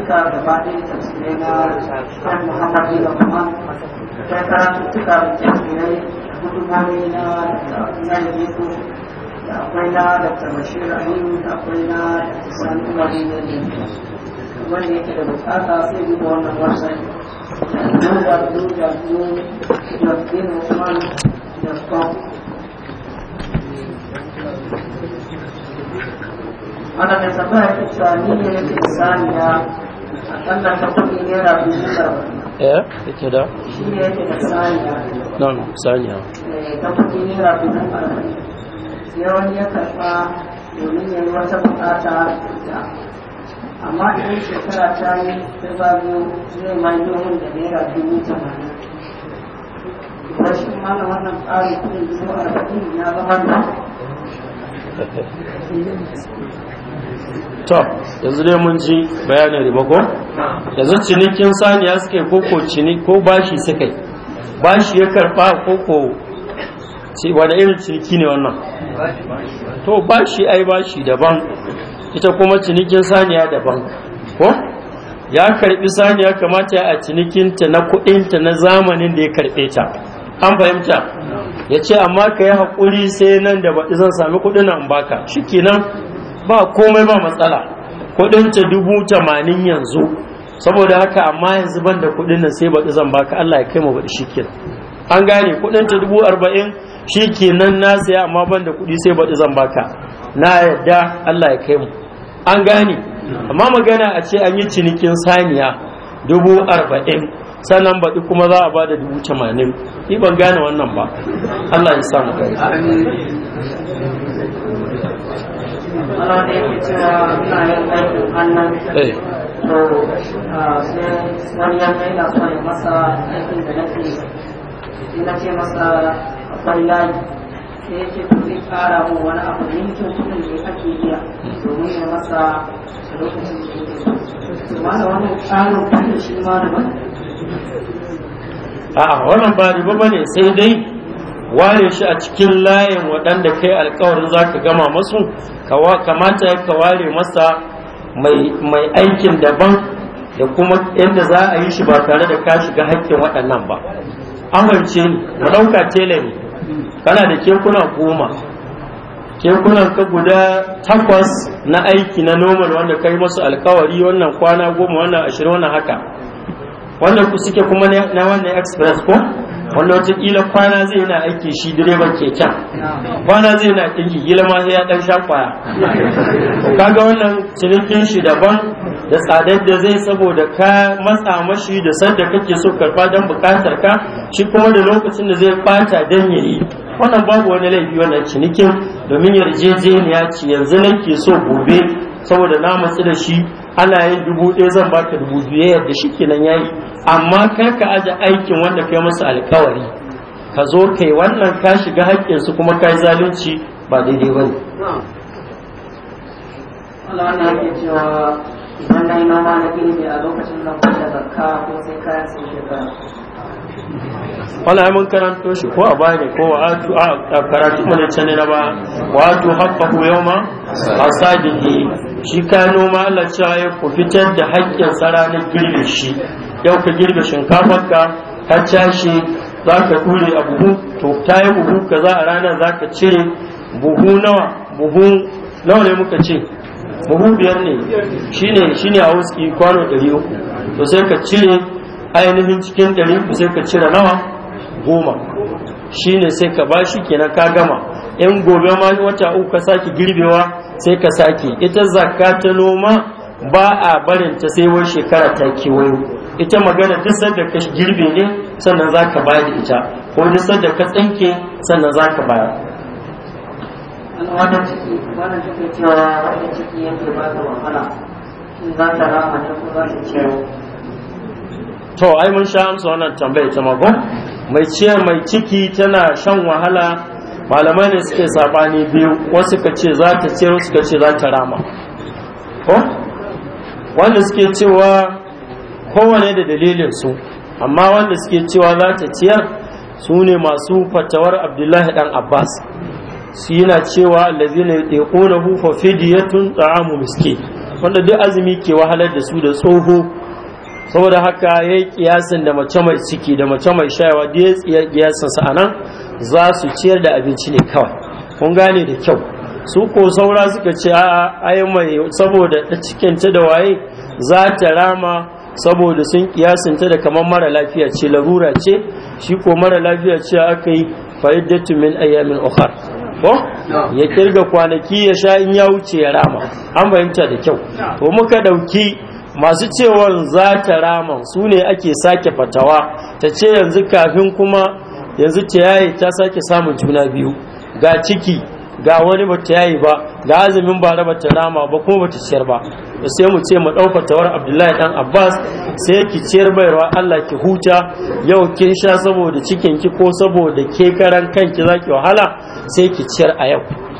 da baɗin na kan muhammadu da kuma akwai karatuttuka da tafsirai gudunmami na ko da akwai na da da akwai na sanu ne wanda yake da bukata sai duba wannan website www.dinusman.com ana mai tambaya ta cewa ni ne yake da saniya a kallon ta kuɗi naira dubu arba'in eh yake da shi ne yake da saniya no no saniya ta eh, kuɗi naira dubu arba'in sai wani ya karɓa domin ya yi wata bukata da amma idan shekara ta yi zagayo zai ma yi da naira dubu tamanin rashin mana wannan tsarin kudin dubu arba'in ya zama na to yanzu dai mun ji bayanin riba ko yanzu cinikin saniya suke koko cini ko bashi suka yi bashi ya karba koko ce wani irin ciniki ne wannan to bashi ai bashi daban ita kuma cinikin saniya daban ko ya karbi saniya kamata a cinikinta na kudinta na zamanin da ya karbe ta an fahimta ya ce amma ka yi haƙuri sai nan da baɗi zan sami kudin nan baka shikenan ba komai ba matsala kuɗinta dubu tamanin yanzu saboda haka amma yanzu ban da kuɗin nan sai baɗi zan baka Allah ya kai mu baɗi shikenan an gane kuɗinta dubu arba'in shi nan na saya amma ban da kuɗi sai baɗi zan baka na yadda Allah ya kai mu an gane amma magana a ce an yi cinikin saniya dubu arba'in sannan baɗi kuma za a ba da dubu tamanin ni ban gane wannan ba Allah ya samu gari Hey. Eh. wani ya kai masa da na ce masa sallari sai ya ce zai kara mu wani abu ne mutum kudin da ake iya domin ya masa a lokacin da yake kuma da wannan tsarin kudin shi ma da ba a'a wannan ba riba ba ne sai dai ware shi a cikin layin waɗanda kai alkawarin za ka gama masu kamata ya ka ware masa mai aikin daban da kuma inda za a yi shi ba tare da ka shiga haƙƙin waɗannan ba amince mu ɗauka tela ne kana da kekuna goma kekunan ka guda takwas na aiki na normal wanda yi masu alkawari wannan kwana goma wannan ashirin wannan haka wannan ku suke kuma na wannan express ko wanda watakila kwana zai na aiki shi direban keken kwana zai na aiki gila ma sai ya dan sha kwaya kaga wannan cinikin shi daban da tsadar da zai saboda ka matsa mashi da sanda kake so karba dan bukatar ka shi kuma da lokacin da zai don dan yayi wannan babu wani laifi wannan cinikin domin yarjejeniya ce yanzu nake so gobe saboda na matsi da shi ana yin dubu ɗaya zan baka dubu biyu yadda shi kenan yayi amma kar ka aje aikin wanda kai masa alkawari ka zo kai wannan ka shiga haƙƙinsu kuma ka zalunci ba daidai ba ne. Allah na cewa idan na yi a lokacin da da ko sai kayan sun wala mun karanto shi ko a ko wa a karatu mun can na ba wa haqqahu yawma asadihi shi ka noma Allah cewa ya ku fitar da haƙƙin sarani girbe shi yau ka girbe shinkafar ka ka cashe za ka dure a buhu to ta yi buhu ka za a ranar za ka cire buhu nawa buhu nawa ne muka ce buhu biyar ne shine shine a wasu kwano ɗari uku to sai ka cire ainihin cikin ɗari sai ka cire nawa goma shi ne sai ka bashi kenan ka gama in gobe ma wata uku ka sake girbewa sai ka sake ita zakka ta noma ba a barin ta sai wani shekara ta kewayo ita magana duk sanda ka girbe ne sannan za ka bayar da ita ko duk sanda ka tsinke sannan za ka bayar to ai mun sha amsa wannan tambaya ta mako mai ciya mai ciki tana shan wahala malamai ne suke sabani biyu wasu ka ce za ta ciyar wasu ka ce za ta rama wanda suke cewa kowane da dalilin su amma wanda suke cewa za ta ciyar su ne masu fatawar abdullahi dan abbas su yana cewa ne ya hu hufa fidiyatun ta'amu miskin wanda duk azumi ke wahalar da su da tsoho saboda haka ya yi kiyasin da mace mai ciki da mace mai shayawa da ya kiyasin sa anan za su ciyar da abinci ne kawai kun gane da kyau su ko saura suka ce a ai mai saboda ta cikinta da waye za ta rama saboda sun ta da kamar mara lafiya ce larura ce shi ko mara lafiya ce aka yi fa'iddatu min ayyamin ukhar ko ya kirga kwanaki ya sha in ya wuce ya rama an fahimta da kyau to muka dauki masu cewar za ta rama su ne ake sake fatawa ta ce yanzu kafin kuma yanzu ta yayi ta sake samun juna biyu ga ciki ga wani ba ta yayi ba ga azumin ba raba ta rama ba kuma ba ta ciyar ba sai mu ce mu ɗau fatawar abdullahi dan abbas sai ki ciyar baiwa allah ki huta yau kin sha saboda cikin ki ko saboda ke karan kanki zaki wahala sai ki ciyar a yau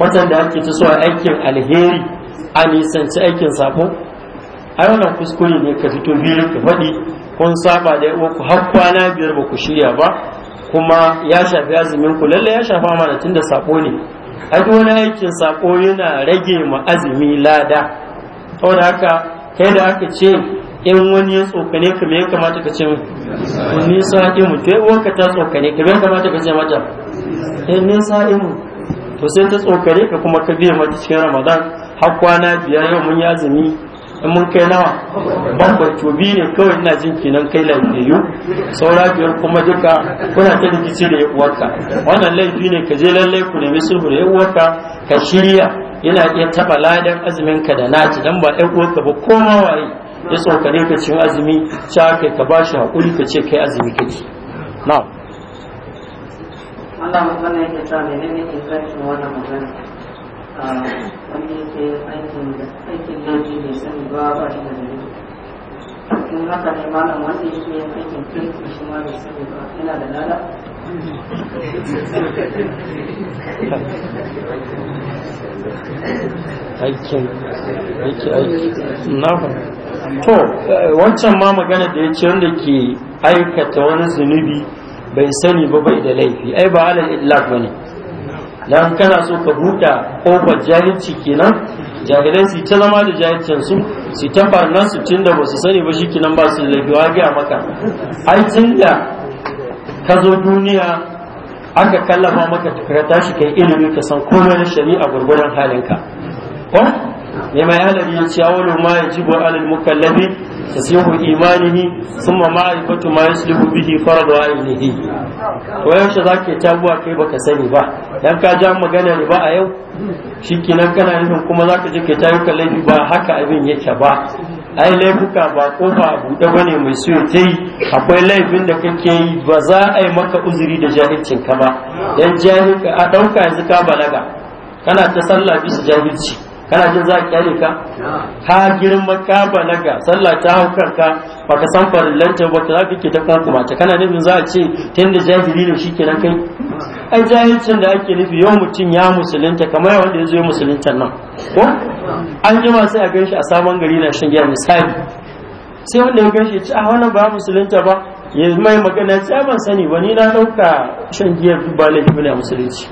waɗanda ake ta suwa aikin alheri a nisanci aikin sabo a wannan kuskure ne ka fito biyu ka faɗi kun saba da yawa ku har kwana biyar ba ku shirya ba kuma ya shafi azumin ku lalle ya shafa mana tun da sako ne ai wani aikin sako yana rage ma azumi lada saboda haka kai da aka ce in wani ya tsokane ka me ya kamata ka ce mu? nisa imu ya uwanka ta tsokane ka me ya kamata ka ce mata in eh, nisa imu to sai ta tsokare ka kuma ka biya mata cikin ramadan har kwana biyar yau mun yazumi in mun kai nawa bakwai to biyu ne kawai ina jin kenan kai lafiyayyu saura biyar kuma duka kuna ta rikici da uwarka wannan laifi ne ka je lallai ku nemi sulhu da uwarka ka shirya yana iya taba ladan azumin ka da naci dan ba ɗan uwarka ba koma waye ya tsokare ka cikin azumi cewa kai ka bashi hakuri ka ce kai azumi kake na'am Allah wannan yake cewa menene ingancin wannan magana ah, wani yake aikin da aikin lodi bai sani ba ba shi da dalili in haka ne malam wani yake yin aikin kirki shi ma bai sani ba yana da lada aikin aiki aiki na to wancan ma magana da ya ce wanda ke aikata wani zunubi bai sani ba bai da laifi ai ba halal illaq bane dan kana so ka buɗa kofar jahilci kenan jahilai su ta zama da jahilcin su su ta nan su tunda ba su sani ba shi kenan ba su laifi wa ga maka ai tunda ka zo duniya aka kallafa maka ka tashi kai ilimi ka san komai na shari'a gurgurdan halinka ko ne mai halari ya ce awwalu ma yajibu alal mukallafi tasihu imanihi thumma ma'rifatu ma yuslihu bihi faradu ainihi to yaushe zake tabuwa kai baka sani ba dan ka ja magana ba a yau kenan kana nufin kuma zaka je kai tayukan laifi ba haka abin yake ba ai laifuka ba kofa a buɗe ba ne mai so ta akwai laifin da kake yi ba za a yi maka uzuri da jahilcin ka ba dan jahilka a ɗauka yanzu ka balaga kana ta sallah bisa jahilci kana jin za a kyale ka ka girma ka ga sallah ta hau kanka ba ka san farillanta ba ka zaka ke ta kuma ta kana nufin za a ce ta yadda jahili ne shikenan kai ai jahilcin da ake nufi yau mutum ya musulunta kamar wanda ya zo ya musulunta nan ko an jima sai a gan shi a sabon gari na shan giya misali sai wanda ya gan shi ci a ah, wannan ba musulunta ba ya mai magana ce ah, ban sani ba ni na ɗauka shan giya ba laifi ne a musulunci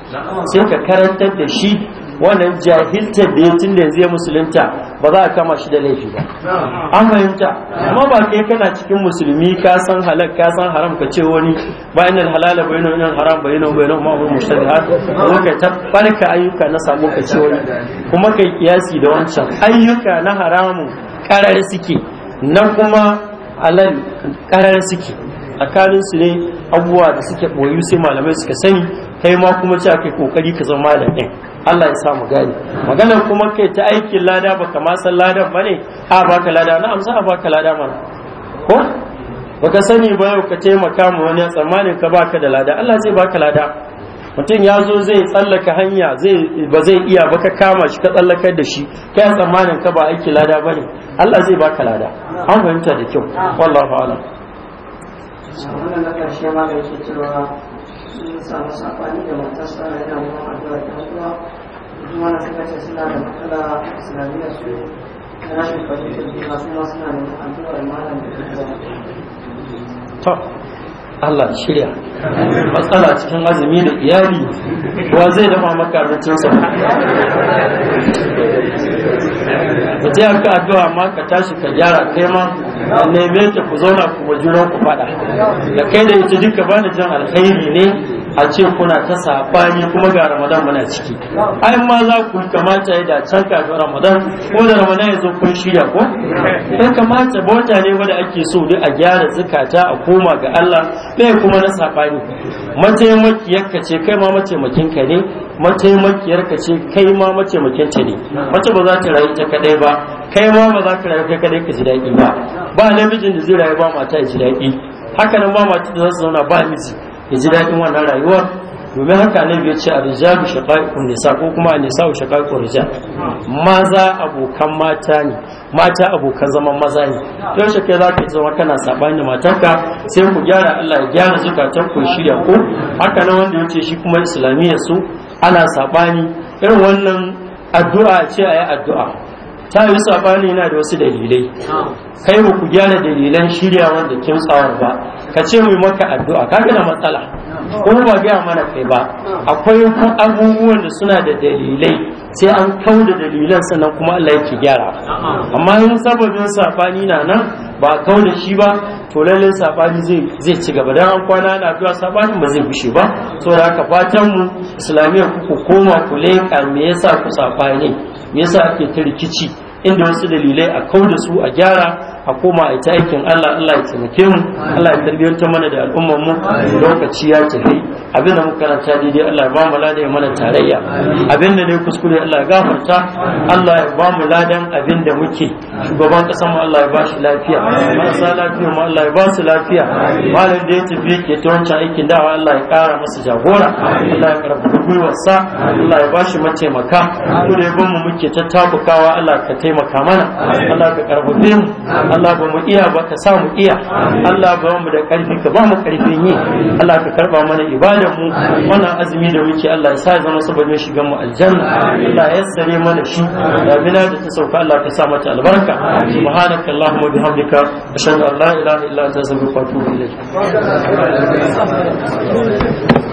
sai ka karantar da shi wannan jahiltar da ya tun da yanzu ya musulunta ba za a kama shi da laifi ba an fahimta amma ba kai kana cikin musulmi ka san halal ka san haram ka ce wani ba inal halala ba yana inal haram ba yana ba yana ma wani mushtabihat kuma ka tabbarka ayyuka na sabo ka ce wani kuma kai kiyasi da wancan ayyuka na haramun karar suke na kuma alal karar suke tsakanin su ne abubuwa da suke boyu sai malamai suka sani kai ma kuma ce ake kokari ka zama malamin Allah ya sa mu gani maganar kuma kai ta aikin lada ka ma san ba bane a baka lada na amsa a baka lada mana ko baka sani ba yau ka taimaka mu wani tsammanin ka baka da lada Allah zai baka lada mutum ya zo zai tsallaka hanya zai ba zai iya ba ka kama shi ka tsallakar da shi kai tsammanin ka ba aiki lada bane Allah zai baka lada an fahimta da kyau wallahi a'lam sun samu da yana da kuma na suka ce suna da matsala islamiyya su na rashin fahimtar suna da malam da Allah shirya matsala cikin azumi da iyali wa zai dafa maka ka je ka addu'a ma ka tashi ka gyara kai ma neme ta ku zauna ku wa ku faɗa da kai da ita duka bani jan alkhairi ne a ce kuna ta saɓani kuma ga ramadan muna ciki ai ma za ku kamata ya da can ga ramadan ko da ramadan ya zo kun shirya ko dan kamata bota ne wanda ake so duk a gyara zakata a koma ga Allah ɗaya kuma na sabani mataimakiyar ka ce kai ma mataimakin ka ne mataimakiyar ka ce kai ma mataimakin ta ne mace ba za ta rayu ta kadai ba kai ma ba za ka rayu ta kadai ka ji daɗi ba ba namijin da zai rayu ba mata ya ji daɗi Hakanan nan ba mata da za su zauna ba miji ya ji daɗin wannan rayuwar domin haka annabi ya ce arrijalu shaqaiqun nisa ko kuma an-nisa'u shaqaiqur rijal maza abokan mata ne mata abokan zaman maza ne to yaushe kai zaka zama kana sabani da matarka sai ku gyara Allah ya gyara zukatan ku shirya ko haka nan wanda yace shi kuma islamiyya su ana sabani irin wannan addu'a ce ayi addu'a ta yi sabani yana da wasu dalilai kai ku gyara dalilan shirya wanda kin tsawar ba ka ce mu maka addu'a ka na matsala kuma ba gaya mana kai ba akwai abubuwan da suna da dalilai sai an kau da dalilan sannan kuma Allah yake gyara amma in sababin safani na nan ba kau da shi ba to lallai safani zai zai ci gaba dan an kwana na addu'a safani ba zai bushe ba saboda haka fatan mu islamiyya ku koma ku leka me yasa ku safani? me yasa ake ta rikici inda wasu dalilai a kau da su a gyara a koma a ta aikin Allah Allah ya taimake mu Allah ya tarbiyyanta mana da al'ummar mu lokaci ya tafi abin da muka karanta daidai Allah ya bamu ladan ya mana tarayya abin da ne kuskure Allah ya gafarta Allah ya bamu ladan abin da muke shugaban kasan mu Allah ya ba shi lafiya marasa lafiya mu Allah ya ba su lafiya malam da ya tafi ke ta wancan aikin dawa Allah ya kara masa jagora Allah ya karfafa gwiwarsa Allah ya ba shi mataimaka ko da ya mu muke ta tabukawa Allah ka taimaka mana Allah ka karfafe mu Allah ba mu iya ba ka sa mu iya Allah ba mu da karfi ka ba mu karfin yi Allah ka karba mana ibadar mu wannan azumi da muke Allah ya sa ya zama saboda shigan mu aljanna Allah ya sare mana shi da bina da ta sauka Allah ka sa mata albarka subhanaka allahumma wa bihamdika ashhadu an la ilaha illa anta astaghfiruka wa atubu ilayk